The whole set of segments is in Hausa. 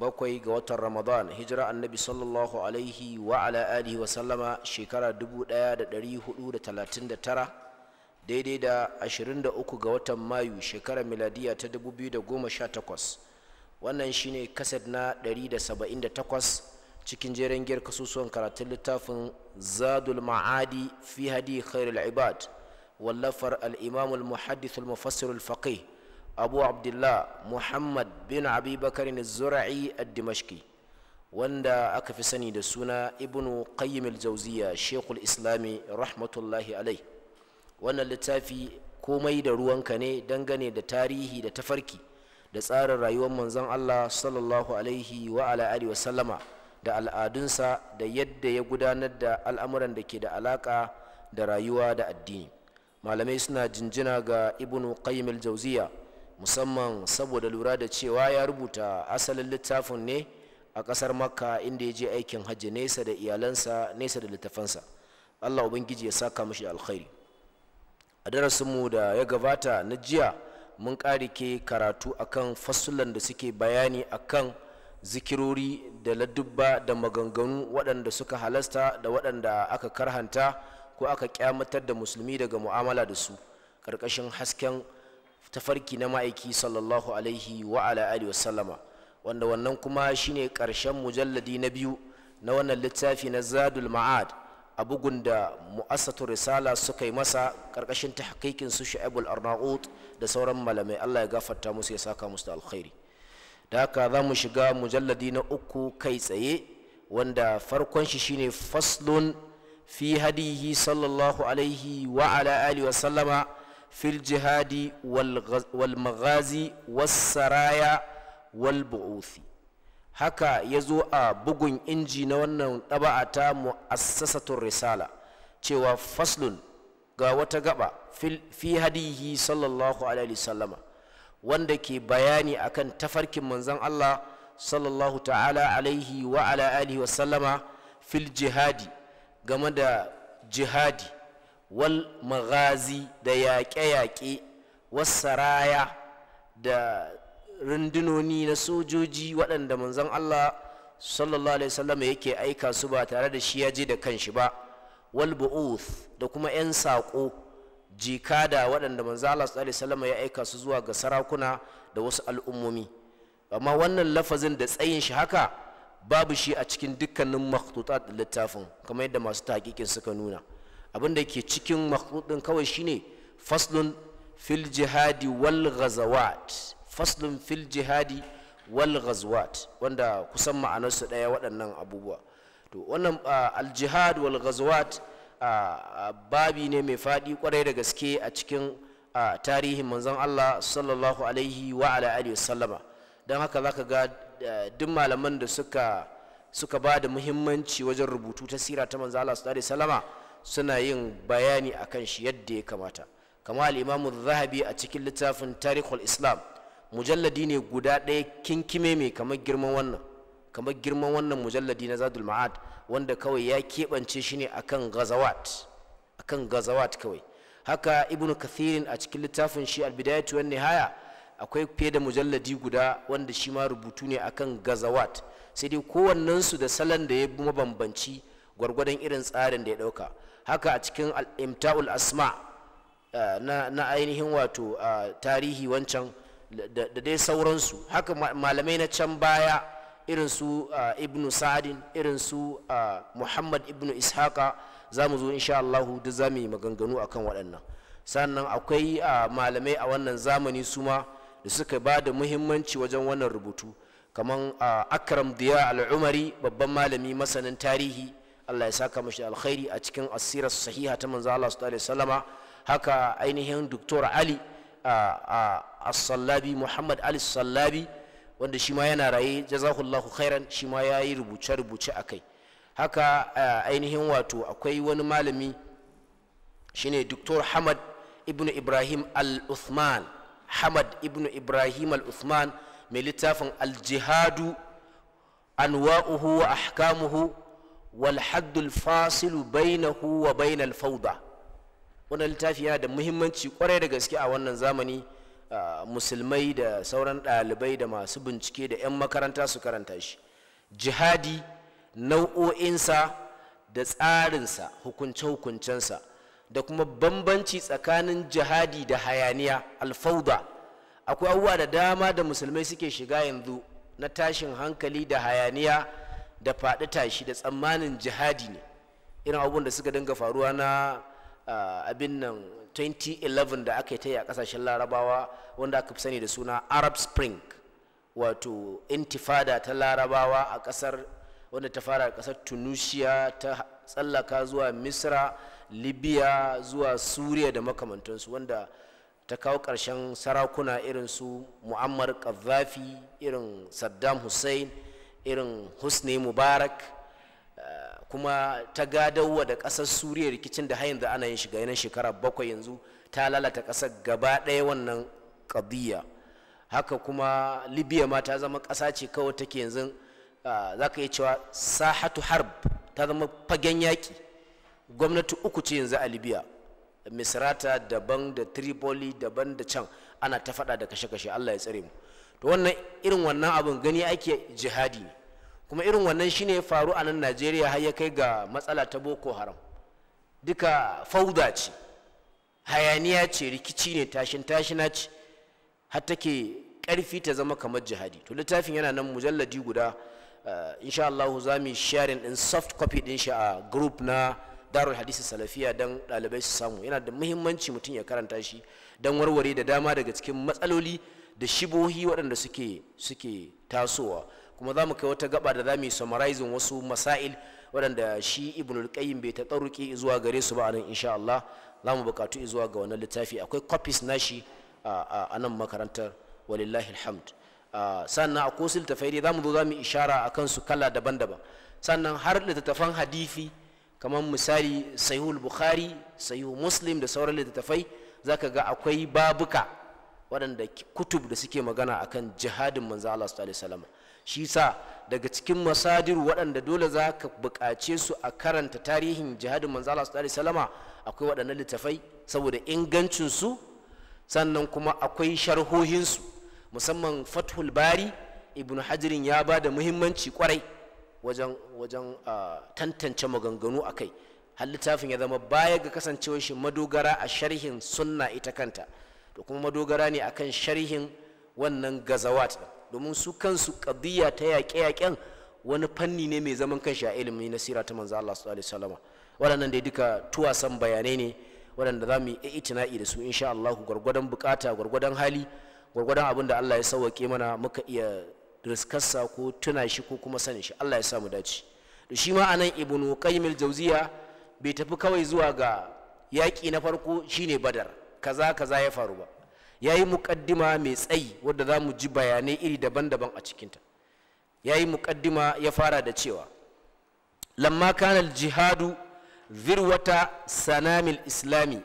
bakwai ga watan ramadan hijira annabi sallallahu alaihi wa ala alihi wa sallama shekara 1439 daidai da 23 ga watan mayu shekarar miladiya ta 2018 wannan shine kaset na 178 cikin jeren giyar kasusuwan karatun littafin zadul ma'adi fi hadi khairul ibad wallafar al-imamul muhaddithul mufassirul faqih abu abdullah muhammad bin abubakar bakarin zura'i ad-dimashqi wanda aka fi sani da suna ibnu qayyim al-jawziya shekul islami rahmatullahi alai wannan littafi komai da ruwanka ne dangane da tarihi da tafarki da tsarin rayuwar manzon allah sallallahu alaihi wa ala alihi wa sallama da al'adunsa da yadda ya gudanar da al'amuran da ke da alaka da rayuwa da addini malamai suna jinjina ga ibnu qayyim al-jawziya musamman saboda lura da cewa ya rubuta asalin littafin ne a ƙasar makka inda ya je aikin hajji nesa da iyalansa nesa da littafansa allah ubangiji ya saka mashi alkhairi a darasinmu da ya gabata na jiya mun ke karatu akan fasulan da suke bayani akan zikirori da ladubba da maganganu waɗanda suka halasta da waɗanda aka karhanta ko aka kyamatar da musulmi daga mu'amala da su ƙarƙashin hasken tafarki na ma'aiki sallallahu alaihi wa ala alihi wasallama wanda wannan kuma shine karshen mujalladi na biyu na wannan littafi na zadul ma'ad a bugun da mu'assatu risala suka yi masa karkashin tahqiqin su shu'aibul arnaut da sauran malamai Allah ya gafarta musu ya saka musu da alkhairi da haka za mu shiga mujalladi na uku kai tsaye wanda farkon shi shine faslun fi hadihi sallallahu alaihi wa ala alihi wasallama fil jihadi walmagazi wasaraya was haka ya zo a bugun inji na wannan ɗaba'a ta mu'assasatun risala cewa faslun ga wata gaba fi hadihi sallallahu alaihi sallama wanda ke bayani akan tafarkin manzon Allah sallallahu ta'ala alaihi wa sallama fil jihadi game da jihadi wal maghazi da yaƙe-yaƙe wasaraya da rundunoni na sojoji waɗanda manzon Allah sallallahu alaihi wasallam yake aika su ba tare da shi ya je da kanshi ba wal bu'uth da kuma 'yan saƙo jikada waɗanda manzon Allah sallallahu alaihi wasallam ya aika su zuwa ga sarakuna da wasu al'ummomi amma wannan lafazin da tsayin shi haka babu shi a cikin dukkanin makhtutat littafin kamar yadda masu tahqiqin suka nuna Abinda ke cikin makudin kawai shine faslun fil jihadi wal ghazawat faslun fil jihadi wal ghazawat wanda kusan ma'anarsu ɗaya waɗannan abubuwa to wannan al jihad wal ghazawat babi ne mai faɗi kwarai da gaske a cikin tarihin manzon Allah sallallahu alaihi wa ala alihi sallama don haka zaka ga duk malaman da suka suka ba da muhimmanci wajen rubutu ta ta manzon Allah sallallahu alaihi sallama suna yin bayani a kan shi yadda ya kamata kama al'imamu zahabi a cikin littafin tarihul islam mujalladi ne guda ɗaya kinkime mai kamar girman wannan kamar girman wannan mujalladi na zadul ma'ad wanda kawai ya keɓance shi ne akan gazawat akan gazawat kawai haka ibn kathirin a cikin littafin shi albidayatu wani haya akwai fiye da mujalladi guda wanda shi ma rubutu ne akan gazawat sai dai kowannensu da salon da ya mabambanci gwargwadon irin tsarin da ya ɗauka haka a cikin imta'ul asma eh, na ainihin wato eh, tarihi wancan da dai sauransu haka malamai na can baya irin su eh, ibnu sa'adin irin su muhammad ibnu ishaka za mu zo insha Allah da za mu yi maganganu akan waɗannan sannan akwai malamai a wannan zamani su ma da suka ba da muhimmanci wajen wannan rubutu kamar akram diya al'umari babban malami masanin tarihi Allah ya saka mashi alkhairi a cikin asirar sahiha ta manzo Allah sallallahu alaihi wasallama haka ainihin doktor Ali as-Sallabi Muhammad Ali sallabi wanda shi ma yana raye jazakallahu khairan shi ma yayi rubuce rubuce akai haka ainihin wato akwai wani malami shine doktor Hamad ibnu Ibrahim al-Uthman Hamad ibnu Ibrahim al-Uthman mai littafin al-jihadu anwa'uhu wa ahkamuhu wal haddul baina bainahu wa fauda wannan littafi yana da muhimmanci kwarai da gaske a wannan zamani musulmai da sauran ɗalibai da masu bincike da 'yan makaranta su karanta shi jihadi nau'o'insa da tsarinsa hukunce-hukuncensa da kuma bambanci tsakanin jihadi da hayaniya alfauda akwai abubuwa da dama da musulmai suke shiga yanzu na tashin hankali da hayaniya da faɗi tashi da tsammanin jihadi ne irin abubuwan da suka dinga faruwa na abin nan 2011 da aka yi ta yi a ƙasashen larabawa wanda aka fi sani da suna arab spring wato intifada ta larabawa a ƙasar wanda ta fara a ƙasar tunisia ta tsallaka zuwa misra libya zuwa suriya da makamantansu wanda ta kawo ƙarshen sarakuna irin su muammar kazafi irin saddam hussein irin husni mubarak eh, kuma ta gadawa da ƙasar suriya rikicin da hayan da ana yin shiga yanar shekara bakwai yanzu ta lalata ƙasar gaba ɗaya wannan ƙadiyya haka kuma libya ma ta zama ƙasa ce kawai take yanzu eh, za ka iya cewa sahatu harb ta zama fagen yaƙi gwamnati uku ce yanzu a libya misrata daban da tripoli daban da can ana ta faɗa da kashe-kashe allah ya tsare mu to wannan irin wannan abin gani ake jihadi ne kuma irin wannan shine faru a nan najeriya har ya kai ga matsala ta boko haram duka fauda ce hayaniya ce rikici ne tashin tashina ce har take karfi ta zama kamar jihadi to littafin yana nan mujalladi guda eh, insha Allah za mu sharing din soft copy din shi a group na darul hadisi salafiya don ɗalibai su samu yana da muhimmanci mutum ya karanta shi don warware da dama daga cikin matsaloli da shibohi waɗanda suke suke tasowa kuma za mu kai wata gaba da za mu yi summarizing wasu masail waɗanda shi ibn al-qayyim bai taɓa zuwa gare su ba a nan insha Allah za mu buƙatu zuwa ga wannan littafi akwai copies nashi a nan makarantar walillahi alhamd sannan a kosu littafai za mu zo za mu ishara a kansu kala daban-daban sannan har littattafan hadifi kamar misali sahihul bukhari saihu muslim da sauran littattafai zaka ga akwai babuka waɗanda kutub da suke magana a kan jihadin manzo Allah sallallahu alaihi wasallam shi sa daga cikin masadiru waɗanda dole za ka buƙace su a karanta tarihin jihadin manzo Allah sallallahu alaihi wasallam akwai waɗannan littafai saboda ingancin su sannan kuma akwai sharhohinsu su musamman Fathul Bari Ibn Hajirin ya ba da muhimmanci kwarai wajen wajen tantance maganganu a kai har littafin ya zama baya ga kasancewar shi madogara a sharhin sunna ita kanta da kuma madogara ne akan sharhin wannan gazawat domin su kansu qadiyya ta yaƙe-yaƙen wani fanni ne mai zaman kanshi a ilimi na sira ta manzo Allah sallallahu alaihi wasallam waɗannan dai duka tuwasan bayanai ne waɗanda za mu yi itina'i da su insha Allah gwargwadon bukata gwargwadon hali gwargwadon abin da Allah ya sauwake mana muka iya riskarsa ko tuna shi ko kuma sanin shi Allah ya sa mu dace da shi ma anan ibnu qayyim al-jawziya bai tafi kawai zuwa ga yaƙi na farko shine badar kaza kaza ya faru ba ya yi muƙaddima mai tsayi wadda za mu ji bayanai iri daban-daban a cikinta ya yi muƙaddima ya fara da cewa lamma kana jihadu virwata sanamil islami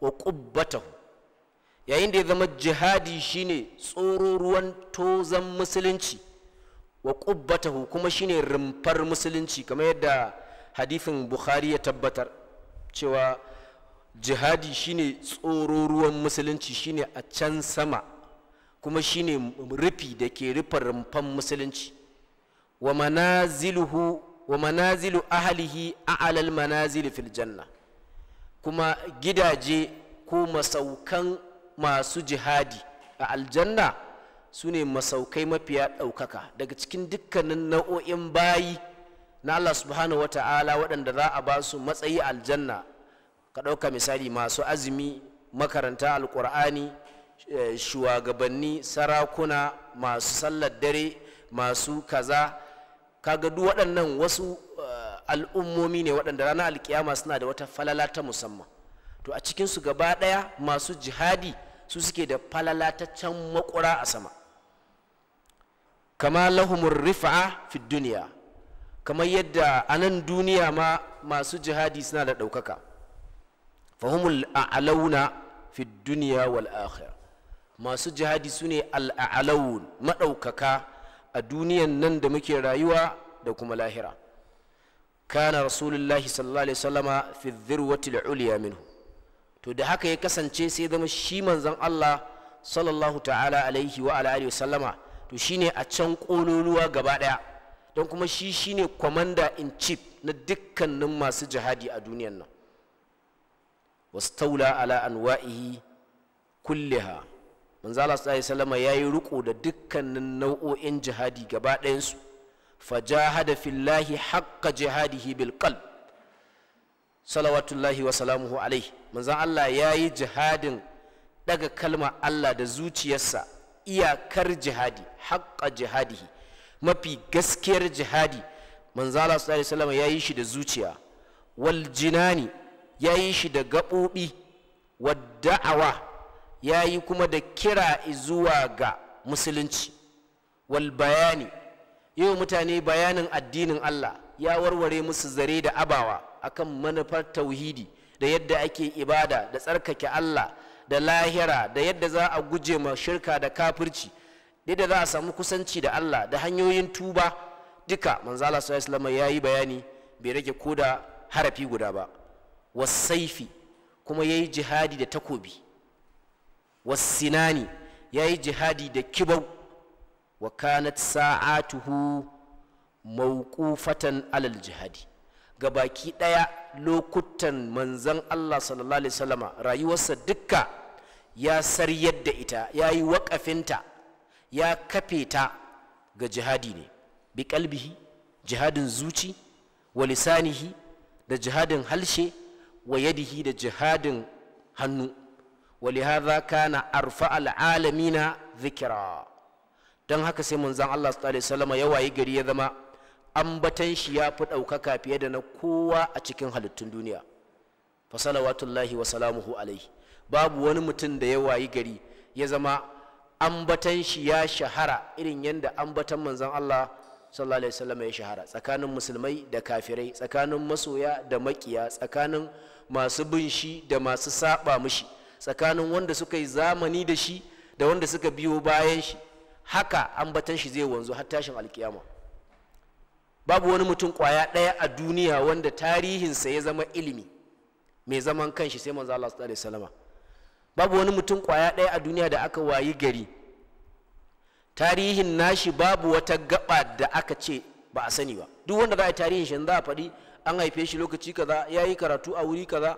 wa ƙubbatahu yayin da ya zama jihadi shine tsoro ruwan tozan musulunci wa ƙubbatahu kuma shine rumfar musulunci kamar yadda hadithin bukhari ya tabbatar cewa jihadi shine tsoro ruwan musulunci shine a can sama kuma shine rufi da ke rufe rumfan musulunci wa manaziluhu wa manazilu ahlihi a'lal manazil fil janna kuma gidaje ko masaukan masu jihadi a aljanna su ne masaukai mafiya ɗaukaka daga cikin dukkanin nau'o'in bayi na Allah subhanahu wa ta'ala waɗanda za a ba su matsayi aljanna ka ɗauka misali masu azumi makaranta alkur'ani eh, shugabanni sarakuna masu sallar dare masu kaza kaga duk waɗannan wasu eh, al'ummomi ne waɗanda ranar alkiyama suna da wata falala ta musamman to a cikinsu gaba ɗaya masu jihadi su suke da falala ta can makura a sama kama lahumur rifa'a fi duniya kamar yadda a nan duniya ma masu jihadi suna da ɗaukaka fahimul a'alauna fi duniya wal akhira masu jihadi su ne al'alawun maɗaukaka a duniyan nan da muke rayuwa da kuma lahira kana rasulullahi sallallahu alaihi wasallama fi dhirwati al-ulya minhu to da haka ya kasance sai zama shi manzon Allah sallallahu ta'ala alaihi wa ala alihi wasallama to shine a can kololuwa gaba daya don kuma shi shine commander in chief na dukkanin masu jihadi a duniyan nan wastaula ala anwa'ihi kulliha manzo Allah sallallahu alaihi wasallam yayi ruko da dukkanin nau'o'in jihadi gaba ɗayan su fajahada fillahi haqqa jihadihi bil qalb salawatullahi wa salamuhu alaihi manzo Allah yayi jihadin daga kalma Allah da zuciyarsa iyakar jihadi haqqa jihadihi mafi gaskiyar jihadi manzo Allah sallallahu alaihi wasallam yayi shi da zuciya wal jinani ya yi shi da gaɓoɓi wa da'awa ya yi kuma da kira zuwa ga musulunci wal bayani yau mutane bayanin addinin Allah ya warware musu zare da abawa akan manufar tauhidi da yadda ake ibada da tsarkake Allah da lahira da yadda za a guje ma shirka da kafirci da za a samu kusanci da Allah da hanyoyin tuba duka manzala sallallahu alaihi wasallam yi bayani bai rage koda harafi guda ba wasaifi kuma yayi jihadi da takobi wasinani yayi jihadi da kibau wa kanat sa'atuhu mawqufatan alal jihadi baki daya lokutan manzon Allah sallallahu alaihi wasallama rayuwarsa dukka ya saryar da ita yayi waƙafinta ya kafe ta ga jihadi ne bi kalbihi jihadin zuci wa lisanihi da jihadin halshe wa yadihi da jihadin hannu na كان arfa na zikira don haka sai manzon Allah sallallahu ya wayi gari ya zama ambatan shi ya fi ɗaukaka fiye da na kowa a cikin halittun duniya fa salawatullahi wa salamuhu alaihi babu wani mutum da ya wayi gari ya zama ambatan shi ya shahara irin yadda ambatan manzon Allah sallallahu alaihi wasallam ya shahara tsakanin musulmai da kafirai tsakanin masoya da makiya tsakanin masu bin shi da masu saba mishi tsakanin wanda suka yi zamani da shi da wanda suka biyo bayan shi haka ambatan shi zai wanzu har tashin alkiyama babu wani mutum kwaya ɗaya a duniya wanda tarihinsa ya zama ilimi mai zaman kanshi sai manzo Allah sallallahu alaihi wasallam babu wani mutum kwaya ɗaya a duniya da aka wayi gari tarihin nashi babu wata gaba da aka ce ba a sani ba duk wanda za a yi tarihin shi za a faɗi an haife shi lokaci kaza ya yi karatu a wuri kaza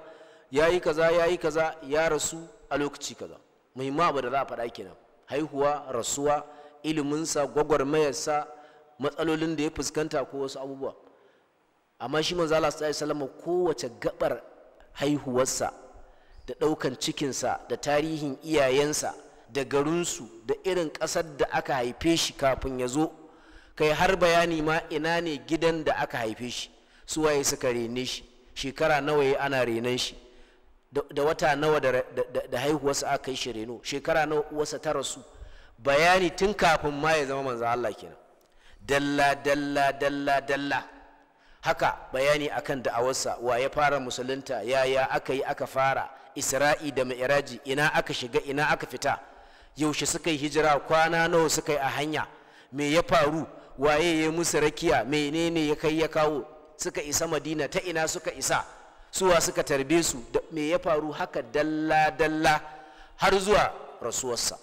ya yi kaza ya yi kaza ya rasu a lokaci kaza muhimman abu da za a faɗa kenan haihuwa rasuwa iliminsa gwagwarmayarsa matsalolin da ya fuskanta ko wasu abubuwa amma shi manzo Allah sallallahu alaihi kowace gabar haihuwarsa da ɗaukan cikinsa da tarihin iyayensa da garinsu da irin ƙasar da aka haife shi kafin ya zo kai har bayani ma ina ne gidan da aka haife shi su waye suka rene shi shekara nawa ya ana shi da wata nawa da haihuwarsa aka yi shi reno shekara nawa uwarsa ta rasu bayani tun kafin ma ya zama manzo Allah kenan dalla dalla dalla dalla haka bayani akan da'awarsa wa ya fara musulunta yaya aka yi aka fara isra'i da mi'raji ina aka shiga ina aka fita yaushe suka yi hijira kwana nawa suka yi a hanya me ya faru waye ya musu rakiya menene ya kai ya kawo suka isa madina ta ina suka isa suwa suka tarbe su me ya faru haka dalla dalla har zuwa rasuwarsa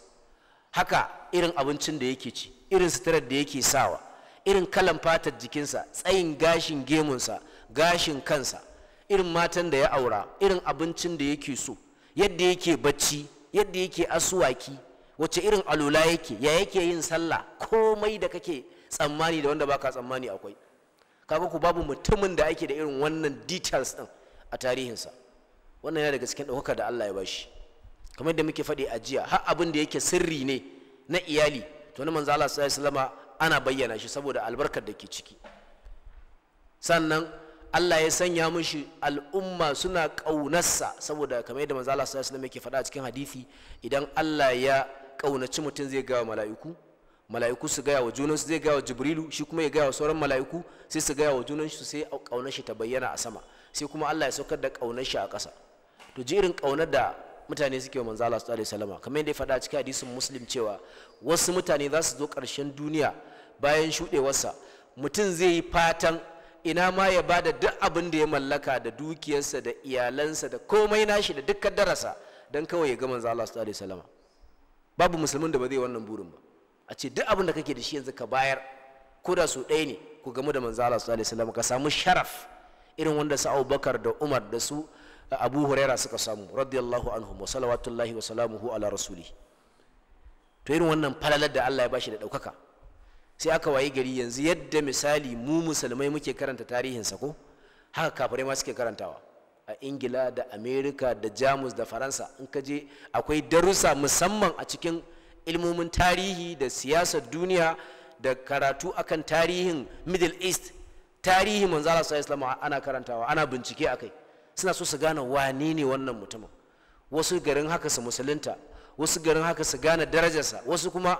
haka irin abincin da yake ci irin suturar da yake sawa irin kalan fatar jikinsa tsayin gashin gemunsa gashin kansa irin matan da ya aura irin abincin da yake so yadda yake bacci yadda yake asuwaki wace irin alula yake ya yake yin sallah komai da kake tsammani da wanda baka tsammani akwai kaga ku babu mutumin da ake da irin wannan details din a tarihinsa wannan yana daga cikin ɗaukakar da Allah ya bashi kamar da muke faɗi a jiya har abin da yake sirri ne na iyali to na manzo Allah sallallahu alaihi ana bayyana shi saboda albarkar da ke ciki sannan Allah ya sanya mishi al'umma suna ƙaunarsa saboda kamar yadda manzo Allah sallallahu alaihi yake faɗa cikin hadisi idan Allah ya ƙaunaci mutum zai ga mala'iku mala'iku su gaya wa junansu zai gaya wa jibrilu shi kuma ya gaya wa sauran mala'iku sai su gaya wa junansu sai ƙaunar shi ta bayyana a sama sai kuma Allah ya saukar da kaunar shi a ƙasa to ji irin ƙaunar da mutane suke wa manzo Allah sallallahu alaihi wasallam kamar yadda ya faɗa cikin hadisin muslim cewa wasu mutane za su zo ƙarshen duniya bayan shuɗewarsa mutum zai yi fatan ina ma ya ba da duk abin da ya mallaka da dukiyarsa da iyalansa da komai nashi da dukkan darasa don kawai ya ga manzo Allah sallallahu alaihi babu musulmin da ba zai wannan burin ba a ce duk abin da kake da shi yanzu ka bayar ko da su ɗaya ne ku gamu da manzo Allah sallallahu alaihi ka samu sharaf irin wanda su Abubakar da Umar da su Abu Huraira suka samu radiyallahu anhum wa salawatullahi wa salamuhu ala rasuli to irin wannan falalar da Allah ya bashi da ɗaukaka sai aka wayi gari yanzu yadda misali mu musulmai muke karanta tarihin sa ko haka kafirai ma suke karantawa a ingila da amerika da jamus da faransa in ka je akwai darussa musamman a cikin ilmomin tarihi da siyasar duniya da karatu akan tarihin middle east tarihi manzala sa islam ana karantawa ana bincike akai suna so su gane wane ne wannan mutumin wasu garin haka su musulunta wasu garin haka su gane darajarsa wasu kuma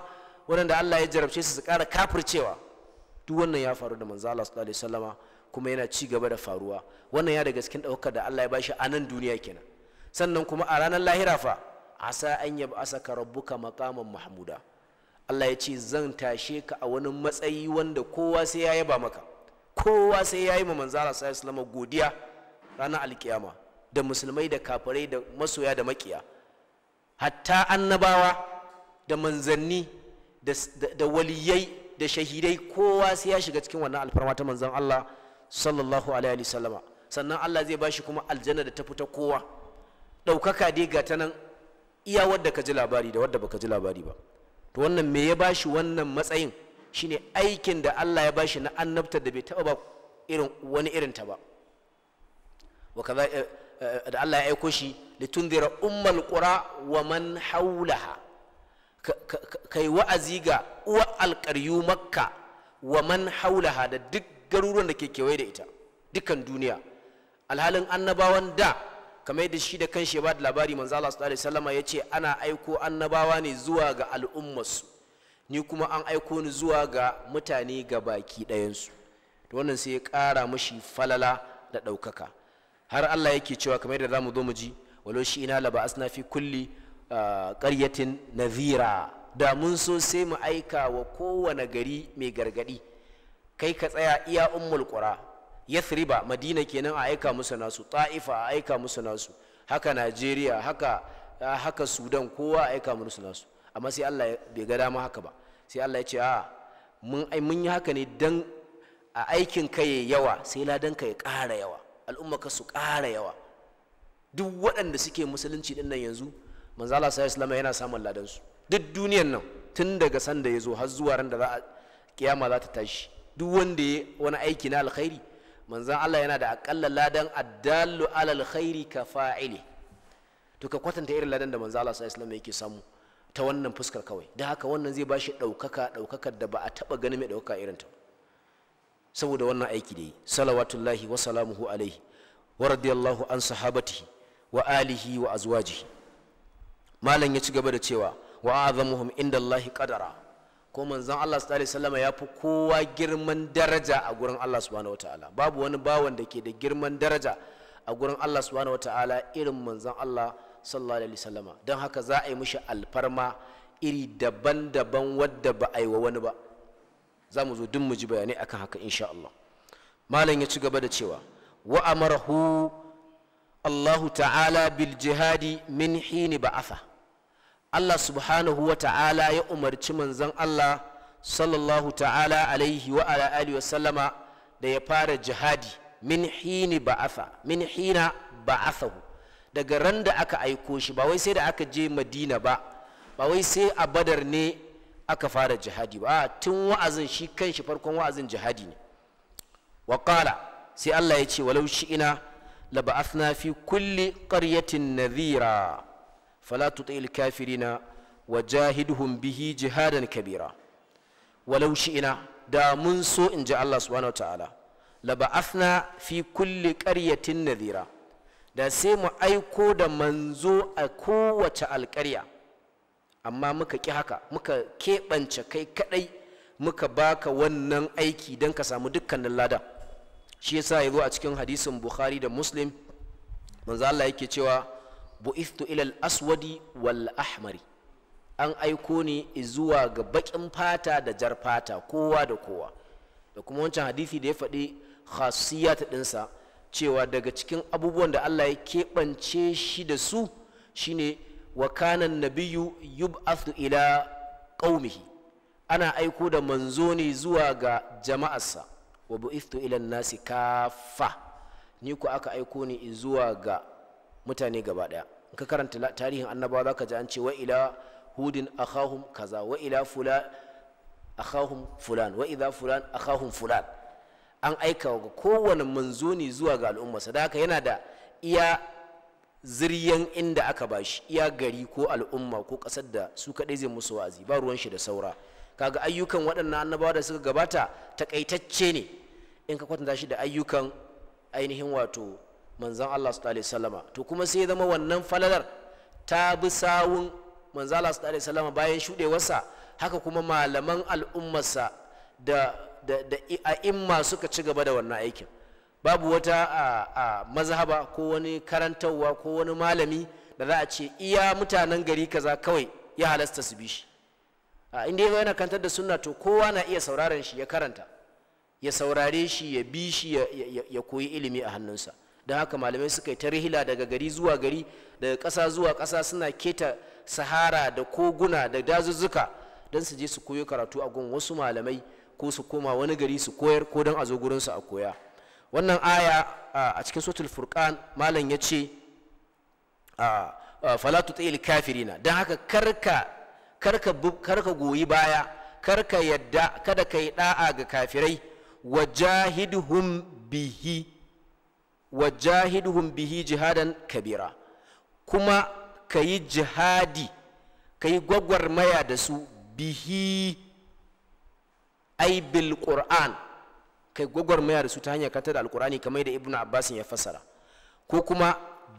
waɗanda Allah ya jarabce su su ƙara kafircewa duk wannan ya faru da manzo Allah sallallahu alaihi wasallama kuma yana ci gaba da faruwa wannan ya daga cikin ɗaukar da Allah ya bashi a nan duniya kenan sannan kuma a ranar lahira fa asa an ka asaka rabbuka makaman mahmuda Allah ya ce zan tashe ka a wani matsayi wanda kowa sai ya yaba maka kowa sai ya yi ma manzara sai islama godiya ranar alkiyama da musulmai da kafirai da masoya da makiya hatta annabawa da manzanni da waliyai da shahidai kowa sai ya shiga cikin wannan alfarma ta manzan Allah sallallahu alaihi wasallama sannan Allah zai bashi kuma aljanna da ta fita kowa ɗaukaka dai ga ta nan iya wadda ka ji labari da wadda baka ji labari ba to wannan me ya bashi wannan matsayin shine aikin da Allah ya bashi na annabta da bai taba ba irin wani irin ta ba wa kaza eh, eh, da Allah ya aiko shi litunzira ummal qura wa man haulaha kai wa'azi ga uwa alqaryu makka wa man haulaha da duk garuruwan da ke kewaye da ita dukan duniya alhalin annabawan da kamar yadda shi da kanshi ya ba da labari manzo Allah sallallahu alaihi wasallam ya ce ana aiko annabawa ne zuwa ga al'ummarsu ni kuma an aiko ni zuwa ga mutane ga baki ɗayansu to wannan sai ya ƙara mushi falala da ɗaukaka har Allah yake cewa kamar yadda zamu zo mu ji walo shi ina laba asna fi kulli ah, qaryatin nadhira da mun so sai mu aika wa kowane gari mai gargadi kai ka tsaya iya ummul qura yathriba madina kenan a aika musu nasu ta'ifa a aika musu nasu haka najeriya haka haka sudan kowa a aika musu nasu amma sai allah bai ga dama haka ba sai allah ya ce a mun mun yi haka ne dan a aikin ka ya yawa sai ladan ka ya ƙara yawa al'umma ka su ƙara yawa duk waɗanda suke musulunci ɗin nan yanzu manzo Allah sallallahu alaihi yana samun ladan su duk duniyan nan tun daga sanda ya zo har zuwa ran da za a kiyama za ta tashi duk wanda ya wani aiki na alkhairi manzan Allah yana da akalla ladan addallu alal khairi ka fa'ili to ka kwatanta irin ladan da manzan Allah sallallahu alaihi wasallam yake samu ta wannan fuskar kawai dan haka wannan zai bashi ɗaukaka ɗaukakar da ba a taba ganin mai daukaka irin ta saboda wannan aiki da yi salawatullahi wa salamuhu alaihi wa radiyallahu an sahabatihi wa alihi wa azwajihi malam ya ci gaba da cewa wa azamuhum inda Allah qadara ko manzon Allah sallallahu alaihi ya fi kowa girman daraja a gurin Allah subhanahu wataala babu wani bawan da ke da girman daraja a gurin Allah subhanahu wataala irin manzon Allah sallallahu alaihi wasallam don haka za a yi mishi alfarma iri daban-daban wadda ba a yi wa wani ba za mu zo duk mu ji bayanai akan haka insha Allah malam ya ci gaba da cewa wa amarahu Allahu ta'ala bil jihadi min hini ba'atha Allah subhanahu wa ta'ala ya umarci manzon Allah sallallahu ta'ala alaihi wa ala alihi sallama da ya fara jihadi min hini ba'atha min hina ba'athahu daga ran da aka aiko shi ba wai sai da aka je Madina ba ba wai sai a Badar ne aka fara jihadi ba tun wa'azin shi kanshi farkon wa'azin jihadi ne wa qala sai Allah ya ce walau shi ina la ba'athna fi kulli qaryatin nadhira فلا تطع الكافرين وجاهدهم به جهادا كبيرا ولو شئنا دا من سوء إن جاء الله سبحانه وتعالى لبعثنا في كل قرية نذيرا da sai mu aiko da manzo a kowace alkarya amma muka ƙi haka muka keɓance kai kaɗai muka baka wannan aiki don ka samu dukkanin lada shi yasa ya zo a cikin hadisin bukhari da muslim manzo Allah yake cewa bu'ithu al aswadi wal ahmari an aiko ni zuwa ga bakin fata da jar fata kowa da kowa da kuma wancan hadisi da ya faɗi khasiyat ɗinsa cewa daga cikin abubuwan da Allah ya keɓance shi da su shine wa kana nabiyyu yub'athu ila qaumihi ana aiko da manzo ne zuwa ga jama'arsa wa bu'ithu ila nasi kafa ni ku aka aiko ni zuwa ga mutane gaba daya. ka karanta tarihin annabawa za ka ji an ce wa ila hudin akhahum kaza wa ila fulan akhahum fulan wa idha fulan akhahum fulan an aika ga kowane manzo ne zuwa ga al'umma da haka yana da iya ziryan inda aka bashi iya gari ko al'umma ko ƙasar da su kaɗai zai musu wa'azi ba ruwan shi da saura kaga ayyukan waɗannan annabawa da suka gabata takaitacce ne in ka kwatanta shi da ayyukan ainihin wato manzan Allah sallallahu alaihi wasallama to kuma sai ya zama wannan falalar ta bi sawun manzan Allah sallallahu alaihi wasallama bayan shudewarsa haka kuma malaman al'ummarsa da da da a'imma suka ci gaba da wannan aikin babu wata a, a mazhaba ko wani karantarwa ko wani malami da za a ce iya mutanen gari kaza kawai ya halasta su bi shi in dai yana kantar da sunna to kowa na iya sauraron shi ya karanta ya saurare shi ya bi shi ya koyi ilimi a hannunsa da haka malamai suka yi ta rihila daga gari zuwa gari daga ƙasa zuwa ƙasa suna keta sahara da koguna da dazuzzuka don su je su koyo karatu a gun wasu malamai ko su koma wani gari su koyar ko don a zo gurinsu a koya wannan aya a cikin sotul furkan malam ya ce Falatu tsayil kafirina don haka karka karka karka goyi baya karka yadda kada ka yi da'a ga kafirai wajahidhum bihi wa bihi jihadan kabira kuma kayi jihadi ka yi gwagwarmaya da su bihi ai bil qur'an kai gwagwarmaya da su ta hanyar kanta da alqur'ani kamar da ibnu abbas ya fassara ko kuma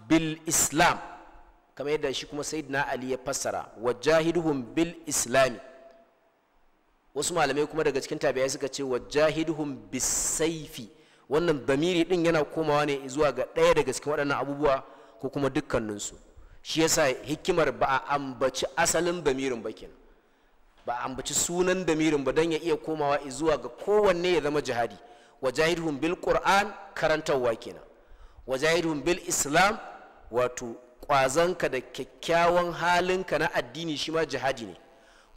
bil islam kamar yadda shi kuma sayyidina ali ya fassara wa bil islami wasu malamai kuma daga cikin tabi'ai suka ce wa jahiduhum bis wannan damiri din yana komawa ne zuwa ga ɗaya daga cikin waɗannan abubuwa ko kuma dukkaninsu shi yasa hikimar ba a ambaci asalin damirin ba kenan ba a ambaci sunan damirin ba don ya iya komawa zuwa ga kowanne ya zama jihadi wa jahidhum bil qur'an karantarwa kenan wa jahidhum bil islam wato kwazanka da kyakkyawan halinka na addini shi ma jihadi ne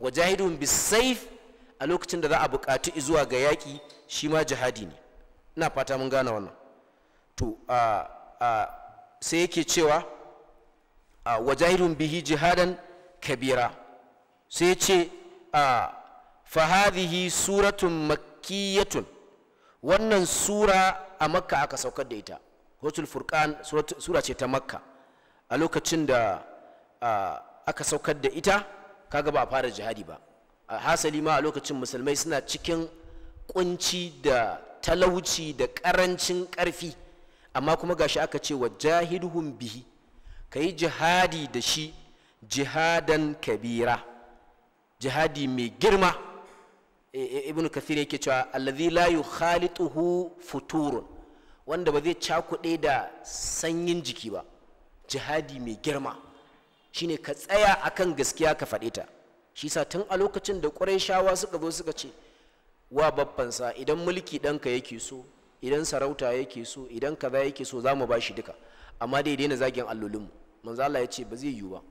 wa jahidhum bis saif a lokacin da za a buƙaci zuwa ga yaƙi shi ma jihadi ne ina fata mun gane wannan to a uh, sai yake cewa a wajahirun bihi jihadan kabira sai ce a fa fahadihi suratun makiyatun wannan sura a makka aka saukar da ita suratul furkan sura ce ta makka a lokacin da aka saukar da ita kaga ba a fara jihadi ba hasali ma a lokacin musulmai suna cikin kunci da talauci da ƙarancin ƙarfi amma kuma ga shi aka ce wa jahidhum bihi ka yi jihadi da shi jihadan kabira jihadi mai girma e, e, ibn kathir yake cewa allazi la yukhalituhu futurun wanda ba zai cakuɗe da sanyin jiki ba jihadi mai girma shine ka tsaya akan gaskiya ka faɗe ta shi sa tun a lokacin da ƙurai suka zo suka ce wa babbansa idan mulki ɗanka yake so idan sarauta yake so idan kaza yake so za mu ba shi duka amma dai daina zagin allolinmu manzo Allah ya ce ba zai yiwu ba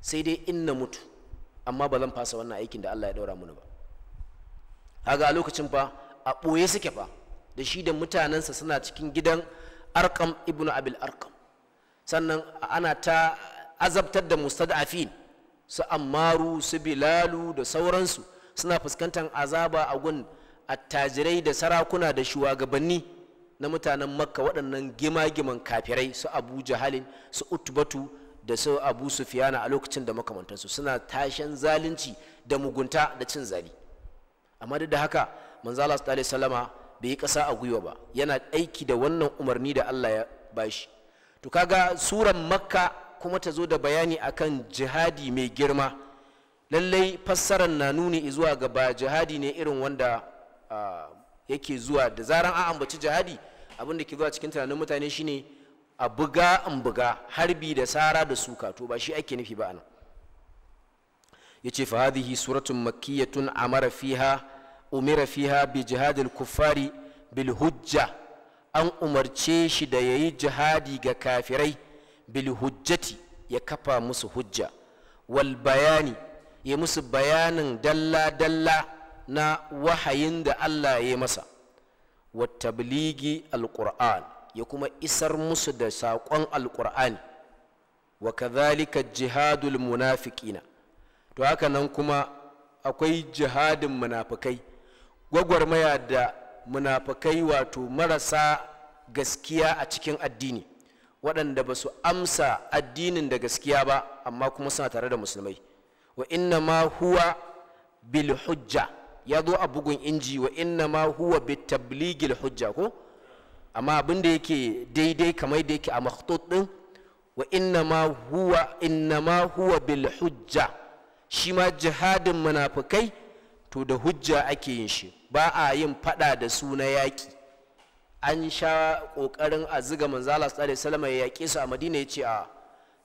sai dai in na mutu amma ba zan fasa wannan aikin da Allah ya daura mana ba haga a lokacin fa a ɓoye suke fa da shi da mutanensa suna cikin gidan arkam ibnu abil arkam sannan ana ta azabtar da mustad'afin su ammaru su bilalu da sauransu suna fuskantar azaba a gun attajirai da sarakuna da shugabanni na mutanen makka waɗannan gima-giman kafirai su abu jahalin su utubatu da su abu sufiyana a lokacin da makamantansu suna tashen zalunci da mugunta da cin zali amma duk da haka Manzala su ɗalai Salama bai yi ƙasa a gwiwa ba yana aiki da wannan umarni da Allah ya bashi to kaga suran makka kuma ta zo da bayani akan jihadi mai girma lallai fassarar na nuni zuwa ga ba jihadi ne irin wanda yake zuwa da zaran an ambaci jihadi abin da ke zuwa cikin tunanin mutane shine a buga in buga harbi da sara da suka to ba shi ake nufi ba anan yace fa hadhihi suratun makkiyatun amara fiha umira fiha bi jihadil kuffari bil hujja an umarce shi da yayi jihadi ga kafirai bil hujjati ya kafa musu hujja wal bayani ya musu bayanin dalla-dalla na wahayin da Allah ya masa wa biligi alƙur'an ya kuma isar musu da saƙon alƙur'ani wa kazalika jihadul munafiqina to haka nan kuma akwai jihadin munafikai gwagwarmaya da munafikai wato marasa gaskiya a cikin addini waɗanda ba su amsa addinin da gaskiya ba amma kuma suna tare da musulmai wa inna ma huwa bil hujja ya zo a bugun inji wa inna ma huwa bi tabligil hujja ko amma abin da yake daidai kamar da yake a makhtut din wa inna huwa inna huwa bil hujja shi ma jihadin munafikai to da hujja ake yin shi ba a yin fada da su na yaki an sha ƙoƙarin a ziga manzala salama ya yaƙe su a madina ya ce a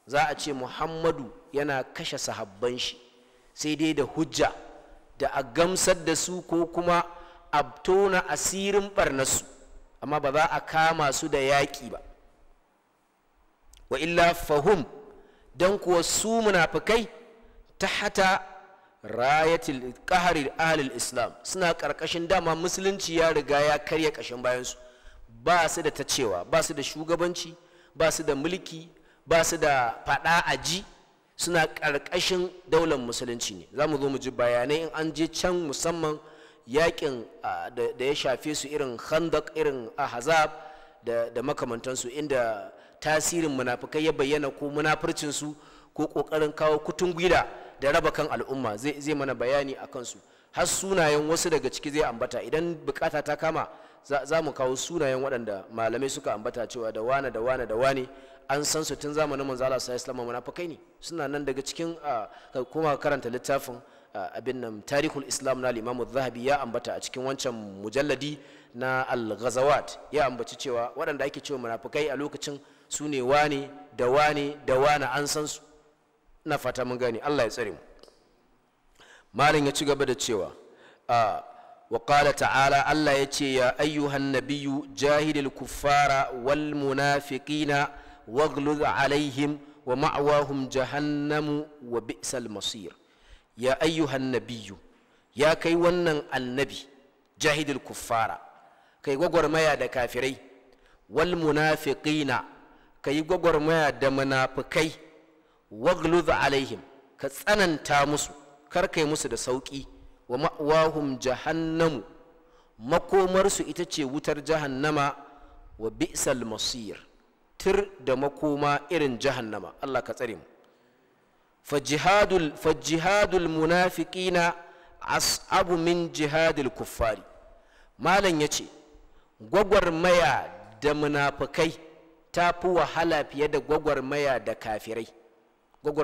za a ce muhammadu yana kashe sahabban shi sai dai da hujja da a gamsar da su ko kuma a tona asirin barnarsu amma ba za a kama su da yaƙi ba wa illa fahum don kuwa su munafukai ta hata rayatul ƙaharir ahalil islam suna ƙarƙashin dama musulunci ya riga ya karya ƙashin bayansu ba su da ta cewa ba su da shugabanci ba su da mulki ba su da faɗa a ji suna ƙarƙashin daular musulunci ne za mu zo mu ji bayanai in an je can musamman yakin da ya shafe su irin khandak irin ahzab da makamantansu inda tasirin munafukai ya bayyana ko munafurcinsu ko ƙoƙarin kawo kutun gwida da raba kan al'umma zai mana bayani a kansu har sunayen wasu daga ciki zai ambata idan bukata ta kama za mu kawo sunayen waɗanda malamai suka ambata cewa da wane da wane da wane an san su tun zamanin manzo Allah sallallahu alaihi wasallam ne suna nan daga cikin kuma karanta littafin abin nan tarihul islam na al zahabi ya ambata a cikin wancan mujalladi na al-ghazawat ya ambaci cewa waɗanda ake cewa munafikai a lokacin su ne wane da wane da wane an san su na fata mun gane Allah ya tsare mu malin ya ci gaba da cewa wa qala ta'ala Allah ya ce ya ayyuhan nabiyyu jahidil kuffara wal munafiqina واغلظ عليهم ومأواهم جهنم وبئس المصير يا أيها النبي يا كي ونن النبي جاهد الكفار كي غور ما دا كافري والمنافقين كي غور ما دا منافقي واغلظ عليهم كتسنن تامس كركي مسد سوكي ومأواهم جهنم makomarsu ita ce wutar jahannama wa bi'sal masir tir da makoma irin jahannama Allah ka tsare mu fajihadul fajihadul munafiqina as'abu min jihadil kuffari malam yace maya da munafikai ta fi wahala fiye da maya da kafirai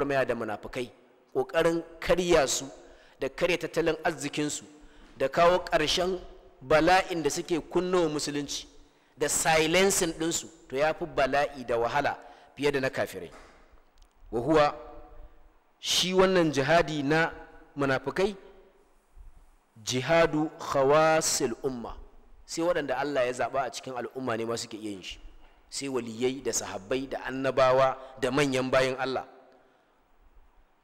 maya da munafikai ƙoƙarin karya su da karya tattalin arzikinsu da kawo ƙarshen bala'in da suke kunno musulunci da silencing ɗinsu to ya fi bala'i da wahala fiye da na kafirai wahuwa shi wannan jihadi na munafukai jihadu khawasil umma sai waɗanda Allah ya zaɓa a cikin al'umma ne ma suke iya yin shi sai waliyai da sahabbai da annabawa da manyan bayan Allah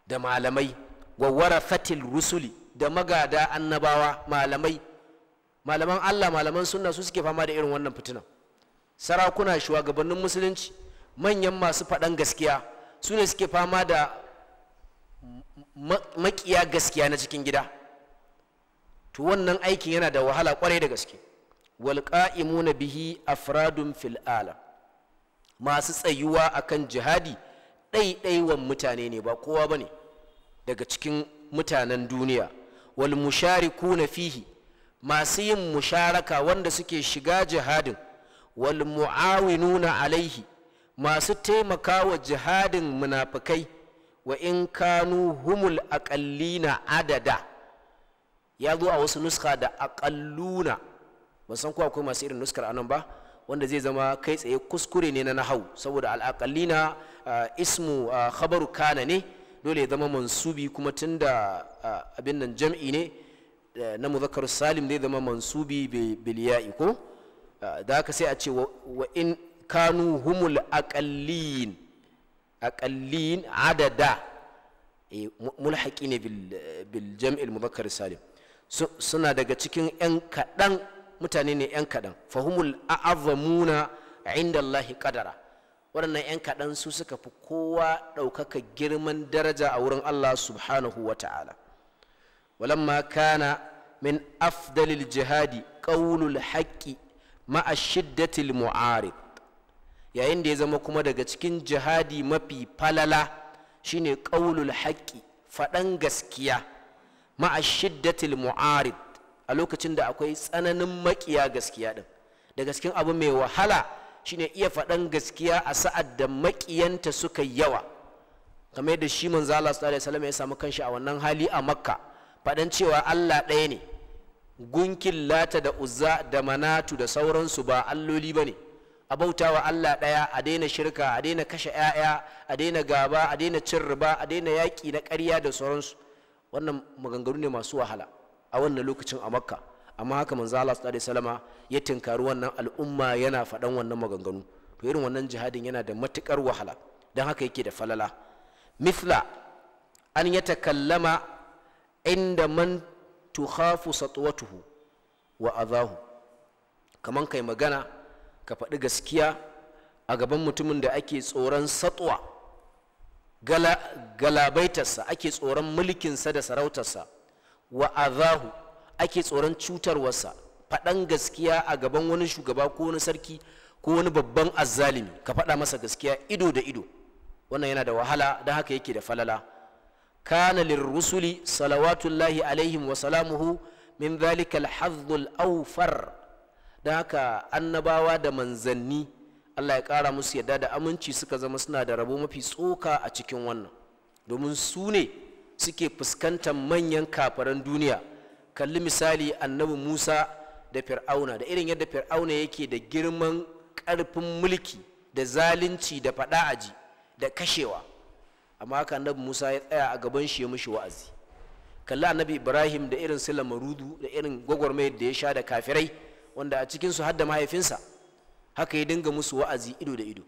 da malamai wawwara fatil rusuli da magada annabawa malamai malaman Allah malaman sunna su suke fama da irin wannan fitinan sarakuna shugabannin musulunci manyan masu faɗan gaskiya su ne suke fama da makiya gaskiya na cikin gida to wannan aikin yana da wahala kwarai da gaske wal bihi afradun fil alam masu tsayuwa akan jihadi ɗaiɗaiwan mutane ne ba kowa bane daga cikin mutanen duniya wal musharikuna fihi masu yin musharaka wanda suke shiga jihadin wal mu'awinuna alaihi masu taimakawa jihadin munafikai wa in kanu humul aqallina adada ya zo a wasu nuska da aqalluna ban san ko akwai masu irin nuskar anan ba wanda zai zama kai tsaye kuskure ne na nahau saboda al'aqallina ismu khabaru kana ne dole ya zama mansubi kuma tunda abin nan jam'i ne na muzakkar salim zai zama mansubi bil ya'i ko da haka sai a ce wa in kanu humul aqallin aqallin adada eh, mulhaqi ne bil jam'il mudhakkar salim suna daga cikin yan kadan mutane ne yan kadan fahumul a'azzamuna inda Allah qadara waɗannan yan kaɗan su suka fi kowa ɗaukaka girman daraja a wurin Allah subhanahu wa ta'ala walamma kana min afdalil jihadi qawlul haƙƙi ma'ashiddatil mu'arid yayin da ya zama kuma daga cikin jihadi mafi falala shine qaulul haqqi faɗan gaskiya ma'ashiddatil mu'arid a lokacin da akwai tsananin makiya gaskiya ɗin daga cikin abu mai wahala shine iya faɗan gaskiya a sa'ad da makiyanta suka yawa kamar da shi manzo Allah sallallahu alaihi ya samu kanshi a wannan hali a Makka faɗan cewa Allah ɗaya ne gunkin lata da uzza da manatu da sauransu ba alloli ba ne a bauta wa allah ɗaya a daina shirka a daina kashe 'ya'ya a daina gaba a daina cin riba a daina yaƙi na ƙarya da sauransu wannan maganganu ne masu wahala a wannan lokacin a makka amma haka manzo allah sallallahu alaihi wasallama ya tinkari wannan al'umma yana faɗan wannan maganganu to irin wannan jihadin yana da matukar wahala don haka yake da falala mithla an yatakallama inda man tukhafu satwatuhu wa adahu kaman kai magana ka faɗi gaskiya a gaban mutumin da ake tsoron satwa gala galabaitarsa ake tsoron mulkinsa da sarautarsa wa azahu ake tsoron cutarwarsa faɗan gaskiya a gaban wani shugaba ko wani sarki ko wani babban azzalimi ka faɗa masa gaskiya ido da ido wannan yana da wahala don haka yake da falala kana rusuli salawatullahi alaihim wa salamuhu min dhalika alhazzul awfar da haka annabawa da manzanni Allah ya ƙara musu yadda da aminci suka zama suna da rabo mafi tsoka a cikin wannan domin su ne suke fuskantar manyan kafaran duniya kalli misali annabi Musa da Fir'auna da irin yadda Fir'auna yake da girman ƙarfin mulki da zalunci da faɗa aji da kashewa amma haka annabi Musa ya tsaya a gaban shi ya mushi wa'azi kalli annabi Ibrahim da irin su lamarudu da irin gwagwarmayar da ya sha da kafirai wanda a cikinsu su har mahaifinsa haka ya dinga musu wa'azi ido da ido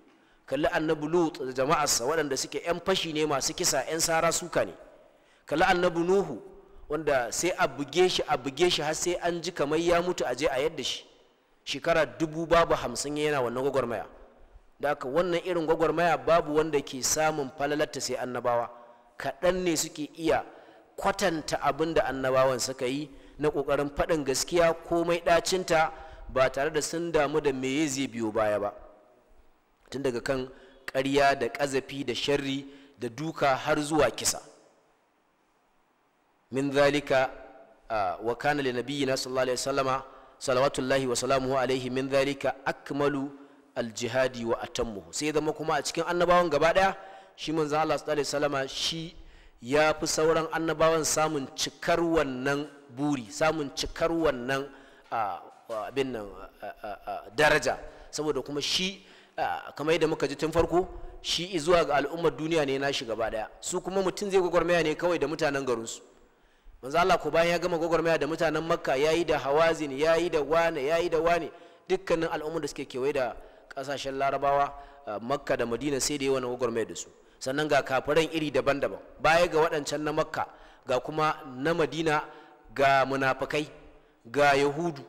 kalli annabi Lut da jama'arsa waɗanda suke yan fashi ne masu kisa yan sara suka ne kalli annabi Nuhu wanda sai a buge shi a buge shi har sai an ji kamar ya mutu a je a yadda shi shekara dubu babu hamsin yana wannan gwagwarmaya da haka wannan irin gwagwarmaya babu wanda ke samun falalarta sai annabawa kaɗan ne suke iya kwatanta abin da annabawan suka yi na ƙoƙarin faɗin gaskiya komai ɗacinta ba tare da sun damu da me zai biyo baya ba tun daga kan ƙarya da ƙazafi da sharri da duka har zuwa kisa min zalika wa kana biyu na sallallahu alaihi wasallama salawatullahi wa salamuhu alaihi min zalika akmalu aljihadi wa atammu sai zama kuma a cikin annabawan gaba daya shi manzon Allah sallallahu alaihi shi ya fi sauran annabawan samun cikar wannan buri samun cikar wannan abin nan daraja saboda kuma shi kamar yadda muka ji tun farko shi zuwa ga al'ummar duniya ne nashi gaba daya su kuma mutum zai gwagwarmaya ne kawai da mutanen garinsu manzo Allah ko bayan ya gama gwagwarmaya da mutanen makka yayi da hawazin yayi da wane yayi da wane dukkanin al'ummar da suke kewaye da kasashen larabawa makka da madina sai da yi wani gwagwarmai da su sannan ga kafiran iri daban-daban baya ga waɗancan na makka ga kuma na madina ga munafakai ga yahudu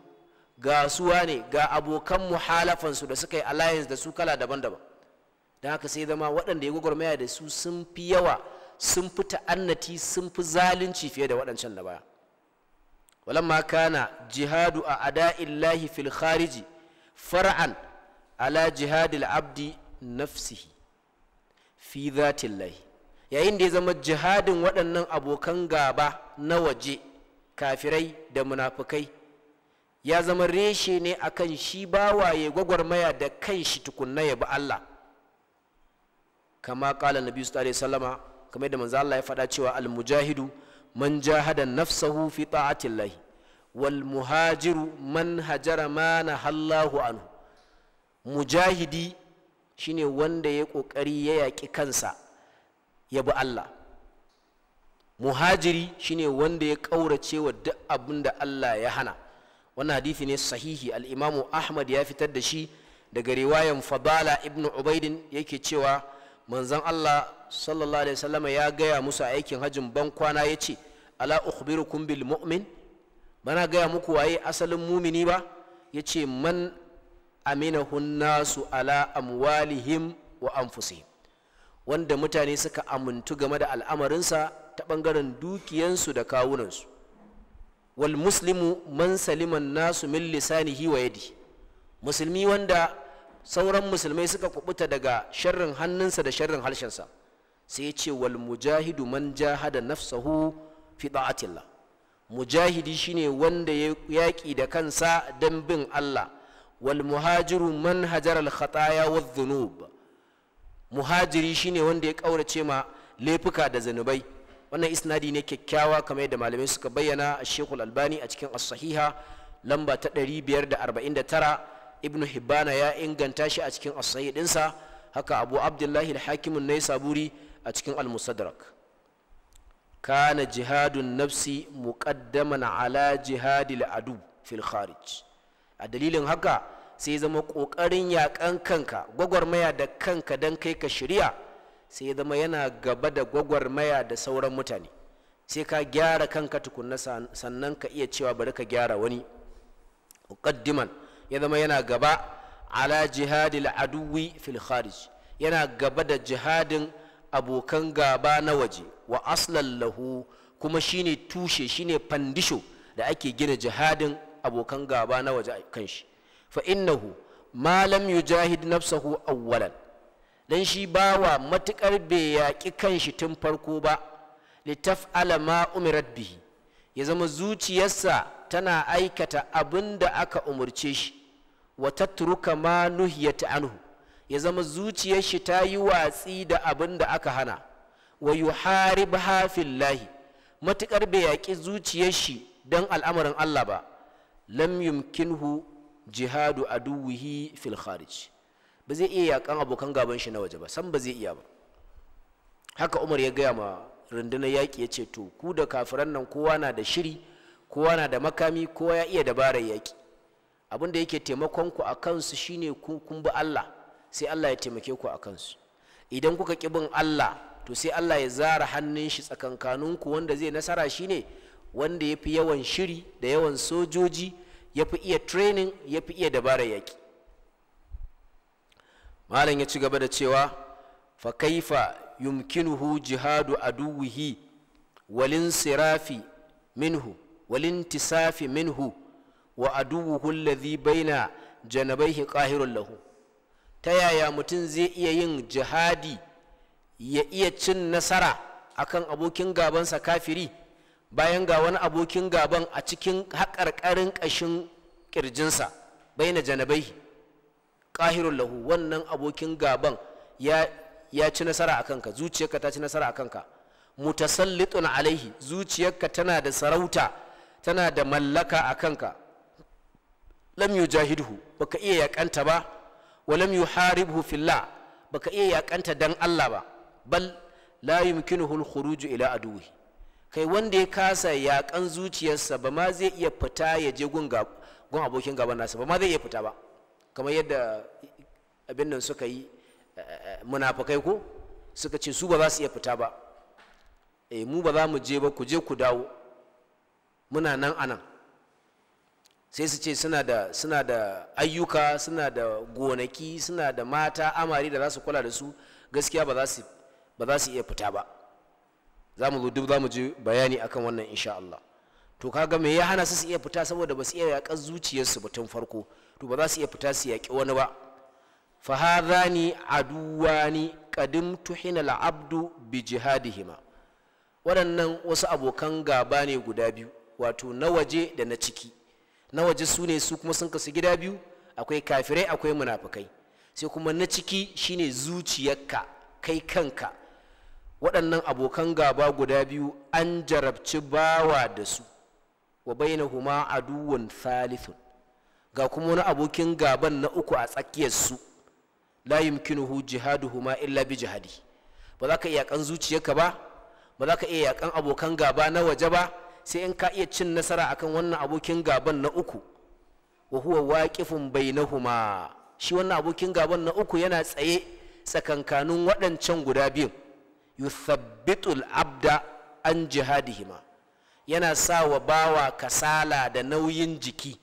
ga suwa ne ga abokan muhalafansu da suka yi alliance da su kala daban-daban don haka sai zama waɗanda ya gwagwarmaya da su sun fi yawa sun fi ta'annati sun fi zalunci fiye da waɗancan na baya walamma kana jihadu a ada'illahi fil khariji far'an ala jihadil abdi nafsihi fi zatillahi yayin da ya zama jihadin waɗannan abokan gaba na waje kafirai da munafukai ya zama reshe ne akan shi bawaye gwagwarmaya da kan shi tukunna ya bi Allah kama kala nabi su alaihi wasallama kama yadda manzo Allah ya faɗa cewa al mujahidu man jahada nafsahu fi ta'atillahi wal muhajiru man hajara ma nahallahu anhu mujahidi shine wanda ya kokari ya yaƙi kansa ya bi Allah muhajiri shine wanda ya ƙaurace wa duk abin da Allah ya hana wannan hadisi ne sahihi al al'imamu ahmad ya fitar da shi daga riwayan fadala ibn ubaidin yake cewa manzon Allah sallallahu alaihi wasallam ya gaya musu aikin hajjin ban kwana ya ala ukhbirukum bil mu'min bana gaya muku waye asalin mumini ba yace man aminahun nasu ala amwalihim wa amfusi wanda mutane suka amintu game da al'amarinsa ta ɓangaren dukiyansu da kawunansu wal muslimu man saliman nasu min lisanihi wa yadi musulmi wanda sauran musulmai suka kubuta daga sharrin hannunsa da sharrin harshensa sai ya ce wal mujahidu man jahada nafsahu fi da'atillah mujahidi shine wanda ya yaƙi da kansa dan bin Allah wal muhajiru man hajar al wa dhunub muhajiri shine wanda ya kaurace ma laifuka da zunubai wannan isnadi ne kyakkyawa kamar da malamai suka bayyana a shekul albani a cikin as-sahiha lamba ta ɗari biyar da da arba'in tara ibnu hibbana ya inganta shi a cikin as-sahih haka abu abdullahi al-hakim an-naisaburi a cikin al kana jihadun nafsi muqaddaman ala jihadil adu fil kharij a dalilin haka sai zama ƙoƙarin yaƙan kanka gwagwarmaya da kanka don kai ka shirya sai zama yana gaba da gwagwarmaya da sauran mutane sai ka gyara kanka tukunna sannan ka iya cewa bari ka gyara wani ƙaddiman ya zama yana gaba ala jihadil aduwi fil kharij yana gaba da jihadin abokan gaba na waje wa aslan lahu kuma shine tushe shine fandisho da ake gina jihadin abokan gaba na waje kan shi fa innahu ma lam yujahid nafsahu awwalan dan shi bawa matukar bai yaƙi shi tun farko ba taf'ala ma umirat bihi ya zama zuciyarsa tana aikata abin da aka umurce shi wa tatruka ma nuhiyata anhu ya zama zuciyar shi ta yi watsi da abin da aka hana wa yuharib fillahi matukar bai yaƙi zuciyar shi don al'amarin Allah ba lam yumkinhu jihadu aduwihi fil kharij ba zai iya yakan abokan gaban shi na waje ba san ba zai iya ba haka Umar ya gaya ma rundunar yaƙi ya ce to ku da kafiran nan kowa na da shiri kowa na da makami kowa ya iya dabarar yaƙi abin da yake taimakon ku a kansu shine kun bi Allah sai Allah ya taimake ku a kansu idan kuka ƙi bin Allah to sai Allah ya zara hannun shi tsakankaninku wanda zai nasara shine ne wanda ya fi yawan shiri da yawan sojoji ya fi iya training ya fi iya dabara yaƙi malam ya ci gaba da cewa fa kaifa yumkinuhu jihadu aduwihi walin sirafi minhu walin tisafi minhu wa aduwuhu alladhi baina janabaihi qahirun lahu ta yaya mutum zai iya yin jihadi ya iya cin nasara akan abokin gabansa kafiri bayan ga wani abokin gaban a cikin haƙarƙarin ƙashin ƙirjinsa bai na janabai ƙahirun lahu wannan abokin gaban ya ci nasara a kanka zuciyarka ta ci nasara a kanka mutasallitun alaihi zuciyarka tana da sarauta tana da mallaka a kanka lam ba baka iya yakanta ba wa lam yuharibhu fillah baka iya yakanta dan Allah ba bal la yumkinuhu al-khuruj ila aduwihi kai wanda ya kasa yaƙan zuciyarsa ba ma zai iya fita ya je gun abokin gaban nasa ba ma zai iya fita ba kamar yadda abin nan suka yi eh, eh, munafakai ko suka ce su ba za su iya fita ba eh mu ba za mu je ba ku je ku dawo muna nan anan sai su ce suna da suna da ayyuka suna da gonaki suna da mata amari da za su kula da su gaskiya ba ba za su iya fita ba za mu zo duk za mu ji bayani akan wannan insha Allah to kaga me ya hana su su iya fita saboda ba su iya yaƙar zuciyarsu ba tun farko to ba za su iya fita su yaƙi wani ba fa hadhani aduwani qadim tuhina al-abdu bi jihadihima waɗannan wasu abokan gaba ne guda biyu wato na waje da na ciki na waje su ne su kuma sun kasu gida biyu akwai kafirai akwai munafukai sai kuma na ciki shine zuciyarka kai kanka waɗannan abokan gaba guda biyu an jarabci bawa da su wa huma aduwwun thalithun ga kuma wani abokin gaban na uku a tsakiyar su tsakiyarsu la yumkinuhu jihaduhuma illa bi jihadi ba za ka iya yakan zuciyarka ba ba za ka iya yakan abokan gaba na waje ba sai in ka iya cin nasara akan wannan abokin gaban na uku wa huwa waqifun bainahuma shi wannan abokin gaban na uku yana tsaye tsakankanin waɗancan guda biyu yuthabbitul abda an jihadihima yana sa wa bawa kasala da nauyin jiki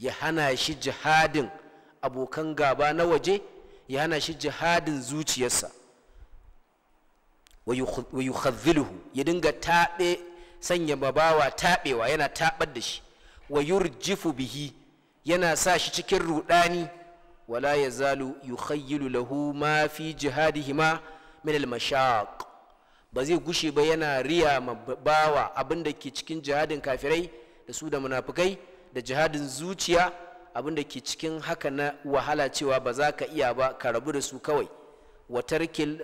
ya hana shi jihadin abokan gaba na waje ya hana shi jihadin zuciyarsa wa yukhadhiluhu ya dinga taɓe sanya babawa taɓewa yana taɓar da shi wa yurjifu bihi yana sa shi cikin ruɗani wala ya zalu yukhayyilu lahu ma fi jihadihima min al-mashaq ba zai gushe ba yana riya ma bawa abin da ke cikin jihadin kafirai da su da munafukai da jihadin zuciya abin da ke cikin haka na wahala cewa ba za ka iya ba ka rabu da su kawai wa tarkil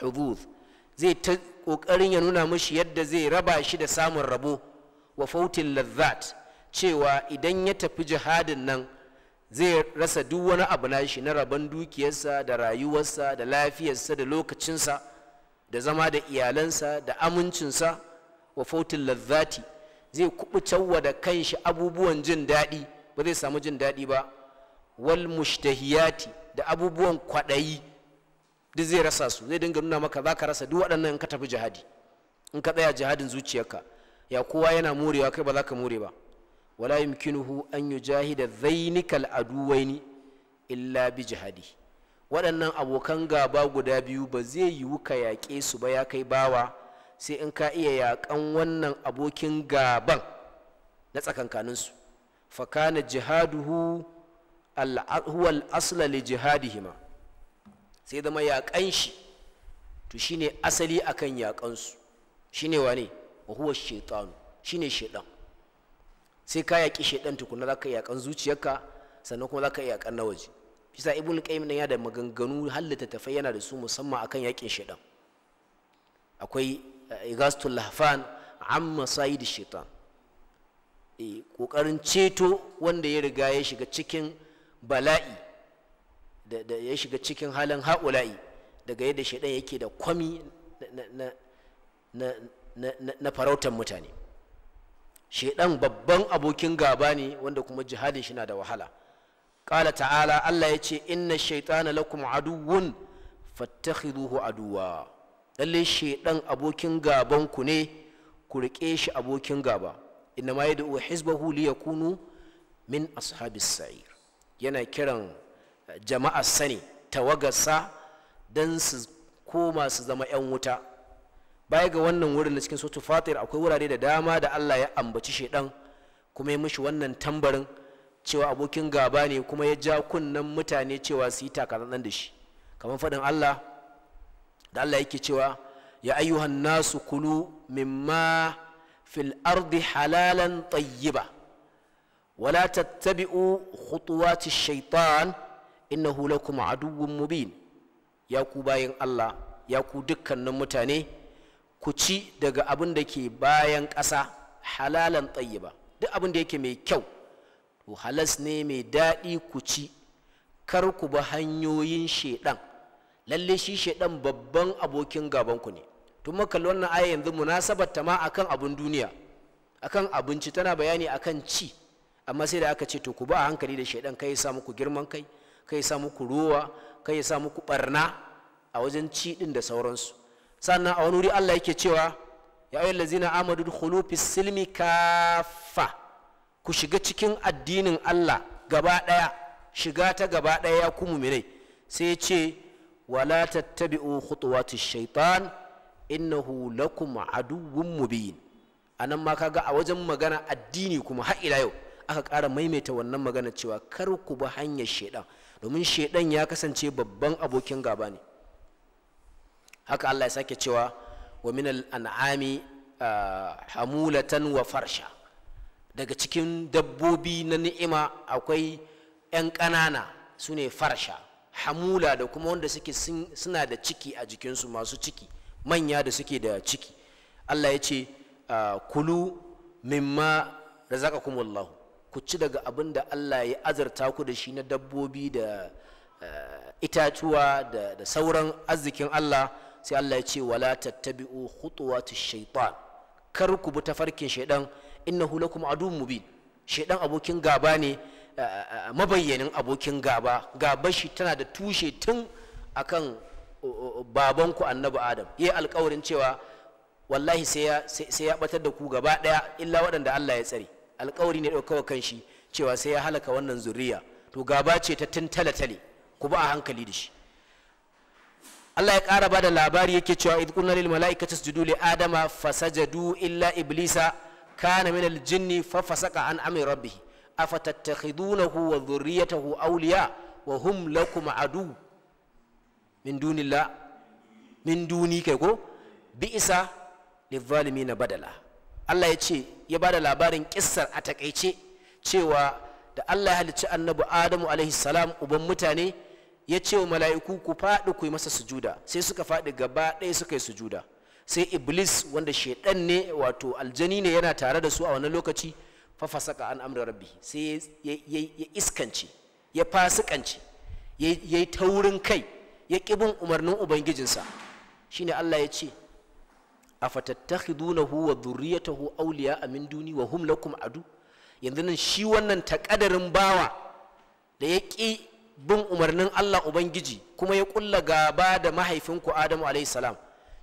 hudud ah, zai ta kokarin ya nuna mishi yadda zai raba shi da samun rabo wa fautin lazzat cewa idan ya tafi jihadin nan zai rasa duk wani abu na shi na rabon dukiyarsa da rayuwarsa da lafiyarsa da lokacinsa da zama da iyalansa da amincinsa wa fautin lazzati zai kubucewa da kanshi abubuwan jin daɗi ba zai samu jin daɗi ba wal mushtahiyati da abubuwan kwaɗayi duk zai rasa su zai dinga nuna maka zaka rasa duk waɗannan in ka tafi jihadi in ka tsaya jihadin zuciyarka ya kowa yana morewa kai ba za ka more ba wala yumkinuhu an yujahida dhainikal aduwaini illa bi jihadi waɗannan abokan gaba guda biyu ba zai yiwu ka yaƙe su ba ya kai bawa sai in ka iya yaƙan wannan abokin gaban na tsakankaninsu fakana jihaduhu huwa al'asla li jihadihima sai zama yaƙan shi to shine asali akan yaƙansu shine wane huwa shaitanu shine shaitan sai ka yaƙi shaidan tukuna za ka iya kan zuciyarka sannan kuma za ka iya kan na waje sa ibnu qayyim nan ya da maganganu hallita tafai yana da su musamman akan yaƙin shaidan akwai eh, igastul lahfan amma sayid shaitan kokarin eh, ceto wanda ya riga ya shiga cikin bala'i da ya shiga cikin halin haula'i daga yadda shaidan yake da kwami na farautar mutane shedan babban abokin gaba ne wanda kuma jihadin shi na da wahala ƙala ta'ala Allah ya ce inna shaytana lakum aduwun fattakhiduhu aduwa lalle shedan abokin gaban ku ne ku rike shi abokin gaba inna ma yad'u hizbahu liyakunu min ashabis sa'ir yana kiran eh, jama'a sani tawagarsa don su koma su zama 'yan wuta baya ga wannan wurin na cikin sautu fatir akwai wurare da dama da Allah ya ambaci shaidan kuma ya mishi wannan tambarin cewa abokin gaba ne kuma ya ja kunnen mutane cewa su yi takatsantsan da shi kamar faɗin Allah da Allah yake cewa ya ayyuhan nasu kulu mimma fil ardi halalan tayyiba wala tattabi'u khutuwati shaitan innahu lakum aduwwun mubin ya ku bayin Allah ya ku dukkanin mutane ku ci daga abin da ke bayan ƙasa halalan tsayyaba duk abin da yake mai kyau to halas ne mai daɗi ku ci kar ku ba hanyoyin shaidan lalle shi shaidan babban abokin gabanku ne tun makalli wannan aya yanzu munasabar ta ma akan abun duniya akan abinci tana bayani akan ci amma sai da aka ce to ku ba hankali da shaidan kai sa muku girman kai kai sa muku ruwa kai sa muku barna a wajen ci din da sauransu sannan a wani wuri Allah yake cewa ya ayyul lazina amadu dukhulu silmi kafa ku shiga cikin addinin Allah gaba daya shiga ta gaba daya ya mai mu'minai sai ya ce wala tattabi'u wata shaitan innahu lakum aduwwun mubin anan ma kaga a wajen magana addini kuma har ila yau aka ƙara maimaita wannan magana cewa kar ku bi hanyar shaidan domin shaidan ya kasance babban abokin gaba ne haka Allah ya sake cewa wa min al'ami ah, hamulatan wa farsha daga cikin dabbobi na ni'ima akwai 'yan ƙanana su ne farsha hamula da kuma wanda suke suna da ciki a jikinsu masu ciki manya da suke da ciki Allah ya ce ah, kulu mimma razaqakumullahu ku ci daga abin da Allah ya azarta ku da shi na dabbobi da ah, itatuwa da sauran arzikin Allah sai Allah ya ce wala tattabi'u khutuwatish shaitan kar ku bi tafarkin shaydan innahu lakum aduwwun mubin shaydan abokin gaba ne mabayyanin abokin gaba gaba shi tana da tushe tun akan babanku annabi adam yayi alƙawarin cewa wallahi sai ya batar da ku gaba daya illa waɗanda Allah ya tsare alƙawari ne ɗaukawa kan shi cewa sai ya halaka wannan zuriya to gaba ce ta tun tale-tale ku ba a hankali da shi Allah ya ƙara ba da labari yake cewa idh qulna lil mala'ikati isjudu li adama fasajadu illa iblisa kana min al jinni fa fasaka an amri rabbih afatattakhidunahu wa dhurriyyatahu awliya wa hum lakum adu min dunillah min duni kai ko bi'sa na badala Allah ya ce ya ba da labarin kissar a takaice cewa da Allah ya halicci annabi Adamu alaihi salam uban mutane ya ce wa mala'iku ku faɗi ku yi masa sujuda sai suka faɗi gaba ɗaya suka yi sujuda sai iblis wanda shaidan ne wato aljani ne yana tare da su a wani lokaci fa fasaka an amra rabbi sai ya iskance ya fasikance ya yi taurin kai ya ƙibin umarnin ubangijinsa shine Allah ya ce a wa dhurriyatahu awliya amin duni wa hum lakum adu yanzu nan shi wannan takadarin bawa da ya ƙi bin umarnin Allah Ubangiji kuma ya kulla gaba da mahaifinku Adamu alaihi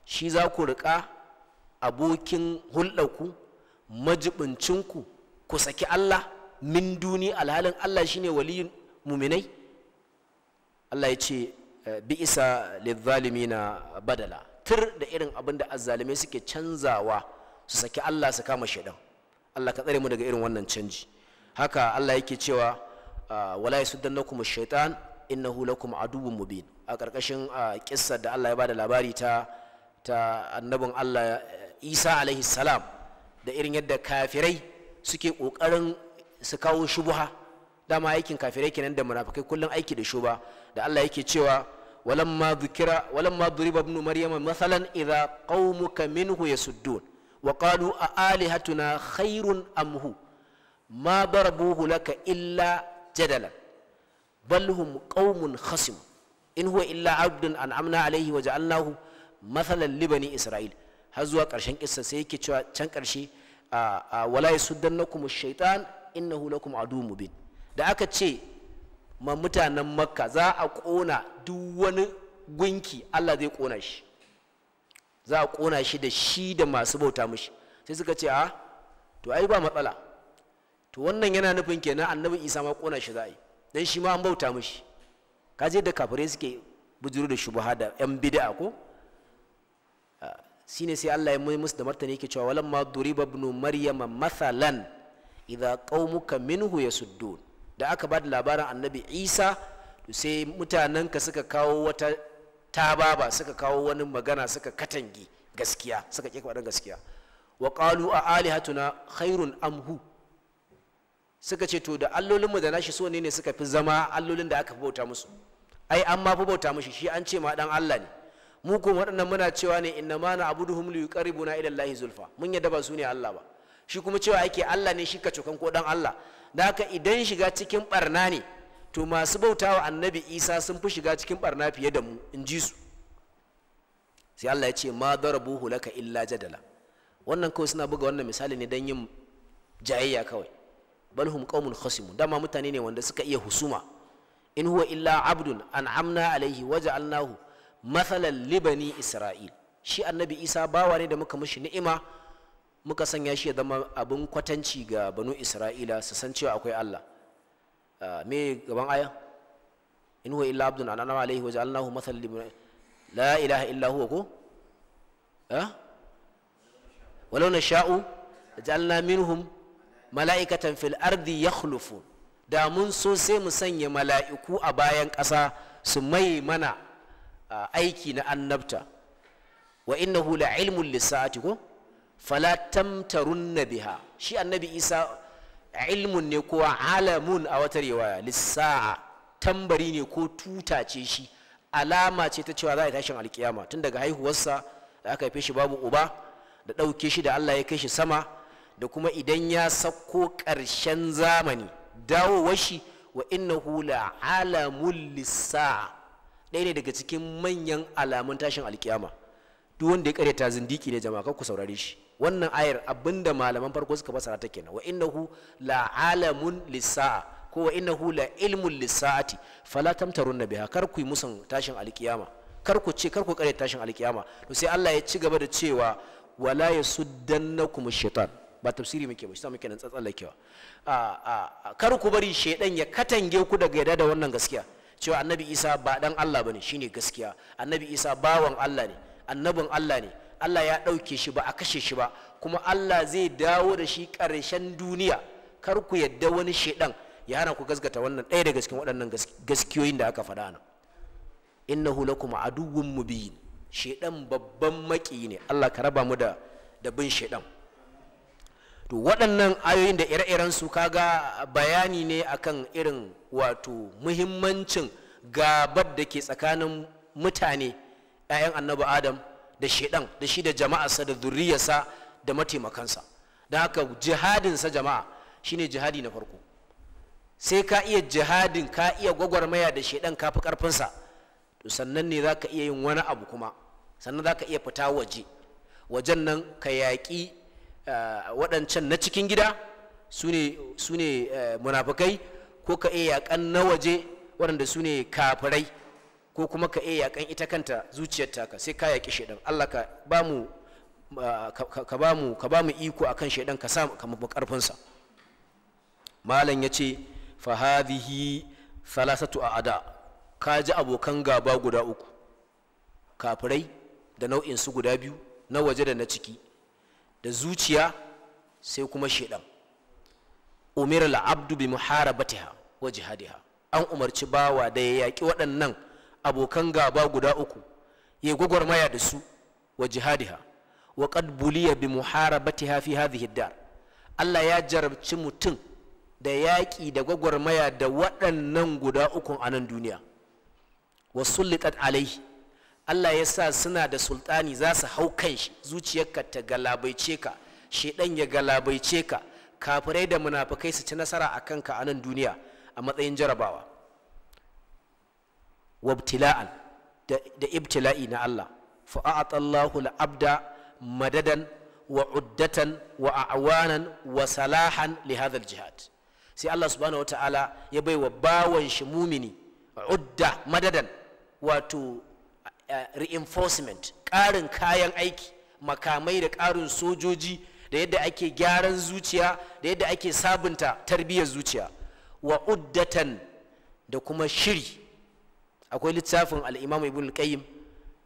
shi za ku riƙa abokin hulɗarku majibincinku ku saki Allah min duni alhalin Allah shine waliyin muminai Allah ya ce bi isa na badala tur da irin abin da azzalimai suke canzawa su saki Allah su kama shaidan Allah ka tsare mu daga irin wannan canji haka Allah yake cewa wala yasuddannakum ash-shaytan innahu lakum aduwwun mubin a karkashin kissar da Allah ya bada labari ta ta annabin Allah Isa alaihi salam da irin yadda kafirai suke kokarin su kawo shubuha dama aikin kafirai kenan da munafikai kullun aiki da shuba da Allah yake cewa walamma dhukira walamma duriba ibn maryama mathalan idha qaumuka minhu yasuddun wa qalu a alihatuna khairun amhu ma darabuhu laka illa jadalan bal hum qaumun khasim in huwa illa abdun an'amna alaihi wa allahu mathalan li bani isra'il har zuwa karshen kissa sai yake cewa can karshe wala yasuddannakum ash-shaytan innahu lakum mu bin da aka ce ma mutanen makka za a kona duk wani gunki Allah zai kona shi za a kona shi da shi da masu bauta mushi sai suka ce a to ai ba matsala to wannan yana nufin kenan annabi isa ma kona shi za a yi dan shi ma an bauta ka je da kafirai suke bujuru da shubaha da yan bid'a ko ah, shine sai Allah ya mai musu da martani yake cewa walamma duriba ibn maryama mathalan idza qaumuka minhu yasuddun da aka bada labarin annabi Isa to sai mutanenka suka kawo wata tababa suka kawo wani magana suka katangi gaskiya suka kike wadan gaskiya wa qalu a alihatuna khairun amhu suka ce to da allolinmu da nashi so ne ne suka fi zama allolin da aka fi bauta musu ai an ma fi bauta mushi shi an ce ma dan Allah ne mu kuma waɗannan muna cewa ne inna ma na abuduhum li yuqarribuna ila Allahi zulfa mun yadda ba su ne Allah ba shi kuma cewa yake Allah ne shi ka cokan ko dan Allah da haka idan shiga cikin barna ne to masu bautawa annabi Isa sun fi shiga cikin barna fiye da mu in ji su sai Allah ya ce ma darabuhu laka illa jadala wannan kawai suna buga wannan misali ne don yin jayayya kawai bal hum qaumun khasimun dama mutane ne wanda suka iya husuma in huwa illa abdun an'amna alaihi ja'alnahu mathalan bani isra'il shi annabi isa bawa ne da muka mishi ni'ima muka sanya shi ya zama abin kwatanci ga banu isra'ila su san cewa akwai allah ah, me gaban aya in huwa illa abdun an'amna alaihi ja'alnahu mathalan bani la ilaha illa huwa ko ha ah? walau nasha'u ja'alna minhum mala'ikatan fil ardi yakhlufu da mun so sai mu sanya mala'iku a bayan ƙasa su mai mana aiki na annabta wa innahu la ilmun lisa'ati ko fala tamtarunna biha shi annabi isa ilmun ne ko alamun a wata riwaya lissa'a tambari ne ko tuta ce shi alama ce ta cewa za a tashin alkiyama tun daga haihuwarsa da aka haife shi babu uba da ɗauke shi da Allah ya kai shi sama da kuma idan ya sako ƙarshen zamani dawowar shi wa inna la alamun lissa ɗaya ne daga cikin manyan alamun tashin alkiyama duk wanda ya ta zindiki ne jama'a kar ku saurare shi wannan ayar abinda malaman farko suka fasara ta kenan wa innahu la alamun lissa ko wa la ilmun lissa'ati fala tamtarunna biya kar ku yi musan tashin alkiyama kar ku ce kar ku karyata tashin alkiyama to sai Allah ya ci gaba da cewa wala yasuddannakum shaitan ba tafsiri muke ba shi muke nan tsatsallakewa a kar ku bari shedan ya katange ku daga yadda da wannan gaskiya cewa annabi isa ba dan allah bane shine gaskiya annabi isa bawan allah ne annabin allah ne allah ya ɗauke shi ba a kashe shi ba kuma allah zai dawo da shi ƙarshen duniya kar ku yadda wani shedan ya hana ku gaskata wannan ɗaya daga cikin waɗannan gaskiyoyin da aka faɗa nan innahu lakum aduwwun mubin shedan babban maki ne allah ka raba mu da da bin shedan to waɗannan ayoyin da ire-iren su kaga bayani ne akan irin wato muhimmancin gabar da ke tsakanin mutane 'ya'yan annabi adam da shaidan da shi da jama'arsa da zurriyarsa da mataimakansa don haka jihadinsa jama'a shine jihadi na farko sai ka iya jihadin ka iya gwagwarmaya da shaidan ka fi karfinsa to sannan ne za ka iya yin wani abu kuma sannan za ka iya fita waje wajen nan ka yaƙi Eh, waɗancan na cikin gida su ne eh, munafukai ko ka iya yaƙan na waje waɗanda su ne kafirai ko kuma ka iya yaƙan ita kanta zuciyar taka sai ka yaƙi shaidan Allah ka ba mu eh, ka ba mu ka ba mu iko akan shaidan ka sa ka mafi ƙarfinsa. malam ya ce fahadihi salasatu a a'da ka ji abokan gaba guda uku kafirai da nau'in su guda biyu na waje da na ciki da zuciya sai kuma shedan al Abdu bi muharabatiha wa jihadiha an umarci bawa da ya yaki waɗannan abokan gaba guda uku ya gwagwarmaya da su wa jihadiha wa qad buliya bi muharabatiha fi hadhihi dar Allah ya jarabci mutum da yaƙi da gwagwarmaya da waɗannan guda uku a nan duniya wa wasulliqat alaihi Allah ya sa suna da sultani za su hau kan shi zuciyarka ta galabaice ka shedan ya galabaice ka kafirai da munafukai su ci nasara a kanka a nan duniya a matsayin jarabawa wabtila'an da ibtila'i na Allah fa'ata Allahu abda madadan wa uddatan wa a'wanan wa salahan li jihad sai Allah subhanahu wata'ala ya baiwa bawan shi mumini udda madadan wato Uh, reinforcement ƙarin kayan aiki makamai da ƙarin sojoji da yadda ake gyaran zuciya da yadda ake sabunta tarbiyyar zuciya wa uddatan da kuma shiri akwai littafin al'imamu ibn qayyim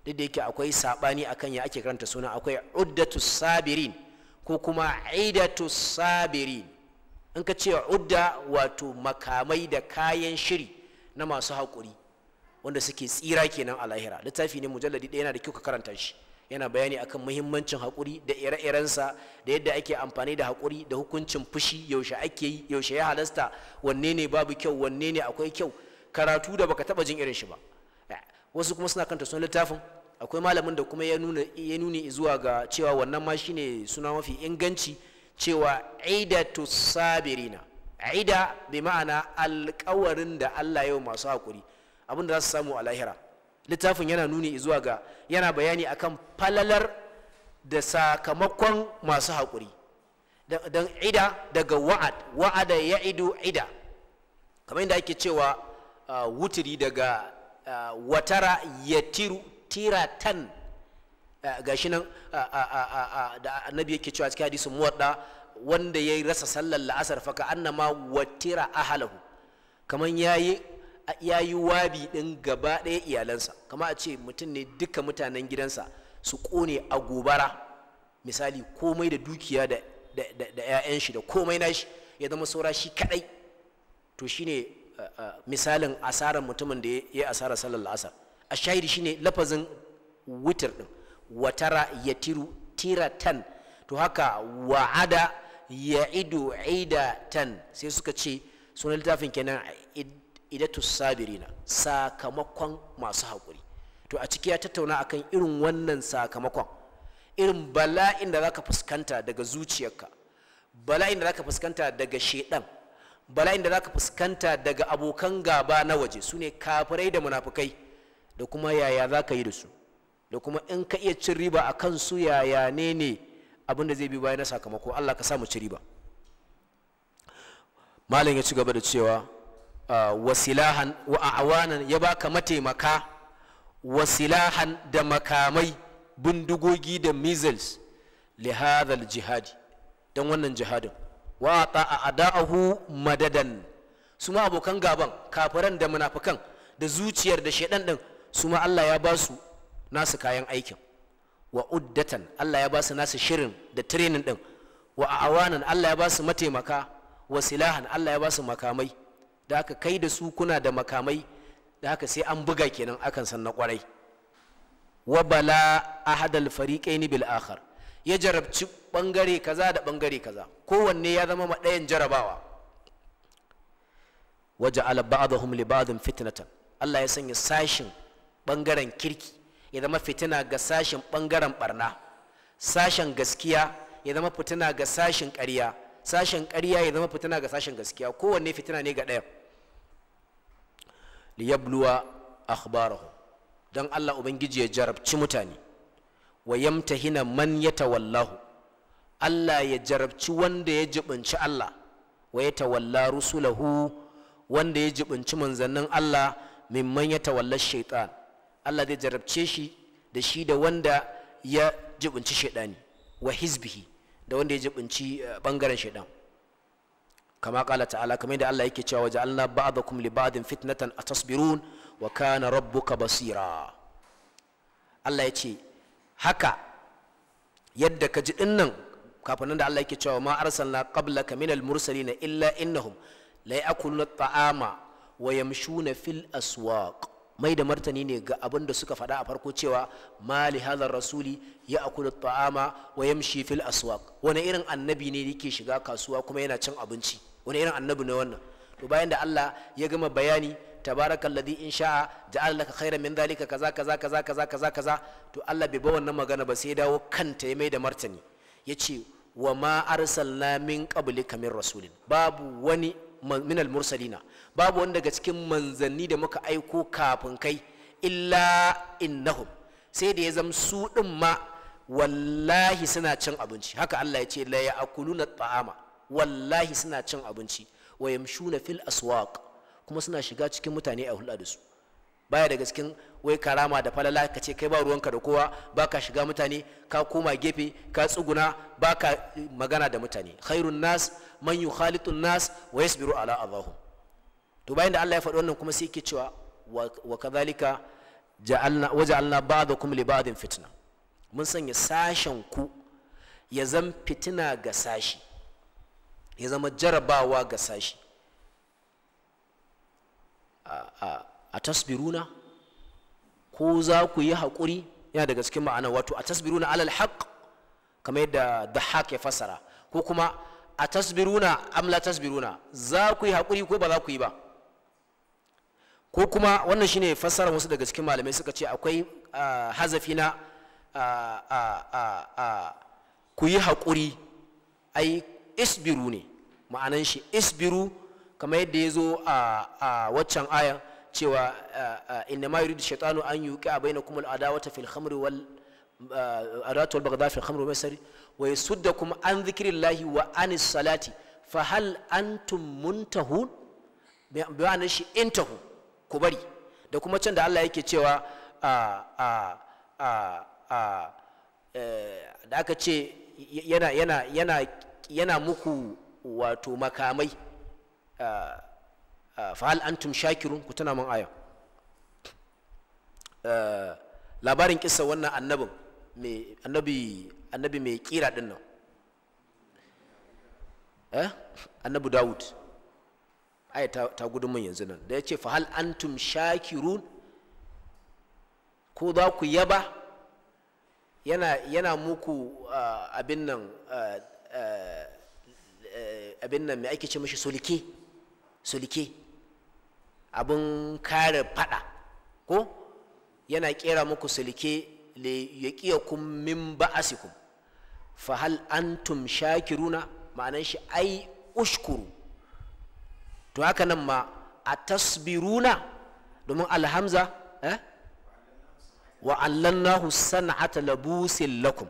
duk da yake akwai saɓani akan ya ake karanta suna akwai uddatu sabirin ko kuma idatu sabirin in ka ce udda wato makamai da kayan shiri na masu haƙuri wanda suke tsira kenan a lahira littafi ne mujalladi ɗaya yana da kyau ka karanta shi yana bayani akan muhimmancin haƙuri da ire-irensa da yadda ake amfani da haƙuri da hukuncin fushi yaushe ake yi yaushe ya halasta wanne ne babu kyau wanne ne akwai kyau karatu da baka taba jin irin shi ba eh, wasu kuma suna kanta sunan littafin akwai malamin da kuma ya nuna ya nuni zuwa ga cewa wannan ma shine suna mafi inganci cewa to sabirina aida bi ma'ana alƙawarin da Allah yau masu haƙuri abin da za su samu a lahira littafin yana nuni zuwa ga yana bayani akan falalar da sakamakon masu haƙuri don ida daga wa'ad wa'ada ya ido ida kamar yadda ake cewa wutiri daga watara ya tiru Ga shi nan da annabi yake cewa cikin hadisin muwadda wanda ya rasa sallar la'asar faka annama watira ahalahu kamar ya yi ya yi wabi ɗin gaba ɗaya iyalansa kama a ce mutum ne duka mutanen gidansa su ƙone a gobara misali komai da dukiya da 'ya'yan shi da komai na shi ya zama saura shi kaɗai to shine misalin asarar mutumin da ya yi asarar sallar la'asar a shahidi shine lafazin witir ɗin watara ya tiru tira tan to haka wa'ada ya ido aida tan sai suka ce sunan littafin kenan idatu sabirina sakamakon masu hakuri to a ciki ya tattauna akan irin wannan sakamakon irin bala'in da zaka fuskanta daga zuciyarka bala'in da zaka fuskanta daga shedan bala'in da zaka fuskanta daga abokan gaba na waje su ne kafirai da munafukai da kuma yaya zaka yi da su da kuma in ka iya cin riba a su yaya ne ne abin da zai bi baya na sakamako Allah ka samu mu ci riba malam ya ci gaba da cewa Uh, wasilahan wa awanan ya baka mataimaka wasilahan da makamai bindigogi da measles li hadhal jihadi dan wannan jihadin wa a ada'ahu madadan su ma abokan gaban kafiran da munafikan da zuciyar da shedan din su ma Allah ya ba nasu kayan aikin wa uddatan Allah ya ba su nasu shirin da training din wa awanan Allah ya basu mataimaka wa silahan Allah ya basu makamai da haka kai da su kuna da makamai da haka sai an buga kenan akan san na kwarai wa bala ahadal fariqaini bil akhar ya jarabci bangare kaza da bangare kaza kowanne ya zama madayan jarabawa waja'ala ba'dahum li ba'dhin fitnatan Allah ya sanya sashin bangaren kirki ya zama fitina ga sashin bangaren barna sashin gaskiya ya zama fitina ga sashin ƙarya sashin ƙarya ya zama fitina ga sashin gaskiya kowanne fitina ne ga ɗaya liyabluwa akhbarahum dan Allah ubangiji ya jarabci mutane wa yamtahina man yatawallahu Allah ya jarabci wanda ya jibinci Allah wa yatawalla rusulahu wanda ya jibinci manzannin Allah mimman yatawalla shaytan Allah zai jarabce shi da shi da wanda ya jibinci shaytani wa hizbihi da wanda ya jibinci eh, bangaren shaytan kama qala ta'ala kamar da Allah yake cewa wa ja'alna ba'dakum li ba'din fitnatan atasbirun wa kana rabbuka basira Allah ya ce haka yadda ka ji dinnan kafin da Allah yake cewa ma arsalna qablaka minal mursalina illa innahum la ya'kuluna ta'ama wa yamshuna fil aswaq mai da martani ne ga abin da suka faɗa a farko cewa mali hadar rasuli ya akulu ta'ama wa fil aswak wani irin annabi ne yake shiga kasuwa kuma yana cin abinci wani irin annabi ne wannan to bayan da Allah ya gama bayani tabarakalladhi in sha'a ja'al laka khairan min dhalika kaza kaza kaza kaza kaza kaza to Allah bai ba wannan magana ba sai ya dawo kanta ya mai da martani yace wa ma arsalna min qablika min rasulin babu wani min al-mursalina babu wani daga cikin manzanni da muka aiko kafin kai illa innahum sai da ya zama su din ma wallahi suna cin abinci haka Allah ya ce la ya'kuluna ta'ama wallahi suna cin abinci wa yamshuna fil aswaq kuma suna shiga cikin mutane a hulɗa da su baya da gaskin wai karama da falala ka ce kai ba ruwanka da kowa ba ka shiga mutane ka koma gefe ka tsuguna ba ka magana da mutane khairun nas man yukhalitun nas wa yasbiru ala adahum to bayan da Allah ya faɗi wannan kuma sai yake cewa wa kadhalika ja'alna waja'alna ba'dakum li ba'din fitna mun sanya sashen ku ya zan fitina ga sashi ya zama jarabawa ga sashi a tasbiruna ko za ku yi haƙuri yana daga cikin ma'ana wato a tasbiruna alal haq kamar yadda da haq ya fasara ko kuma a tasbiruna amla tasbiruna za ku yi haƙuri ko ba za ku yi ba ko kuma wannan shine fassara wasu daga cikin malamai suka ce akwai hazafi na ku yi haƙuri ai isbiru ne ma'anan shi isbiru kamar yadda ya zo a waccan aya cewa inna ma yuridu shaitanu an yuqi bainakum kuma adawata fil khamri wal adawatu wal fil khamri wal masri wa yasuddakum an lahi wa an salati fa hal antum muntahun bi ma'anan shi intahu ku bari da kuma can da Allah yake cewa a a a eh, da aka ce yana yana yana yana muku wato makamai ah, ah, fahal antum shakirun ku tana man aya ah, labarin kisa wannan annabin annabi annabi mai kira din nan eh annabi dawud aya ta, gudun mun yanzu nan da ya ce fahal antum shakirun ko za ku yaba yana, yana muku abin nan Eh, abin nan mai ake ce mashi sulike sulike abin kare fada ko yana kera muku le ya kiya kun min ba'asikum fa hal antum shakiruna ma'anan shi ai ushkuru to haka nan ma a tasbiruna domin alhamza eh? wa allannahu san'ata labusin lakum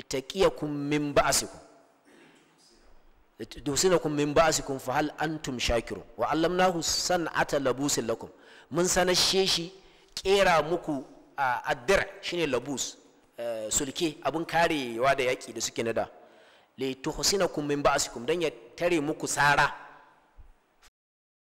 itaqiyakum min ba'asikum dusinakum min ba'sikum fa hal antum shakirun wa allamnahu san'ata labusin lakum mun sanashe shi kera muku addir shine labus eh, sulke abun karewa da yaki da suke nada li tuhsinakum min ba'sikum dan ya tare muku sara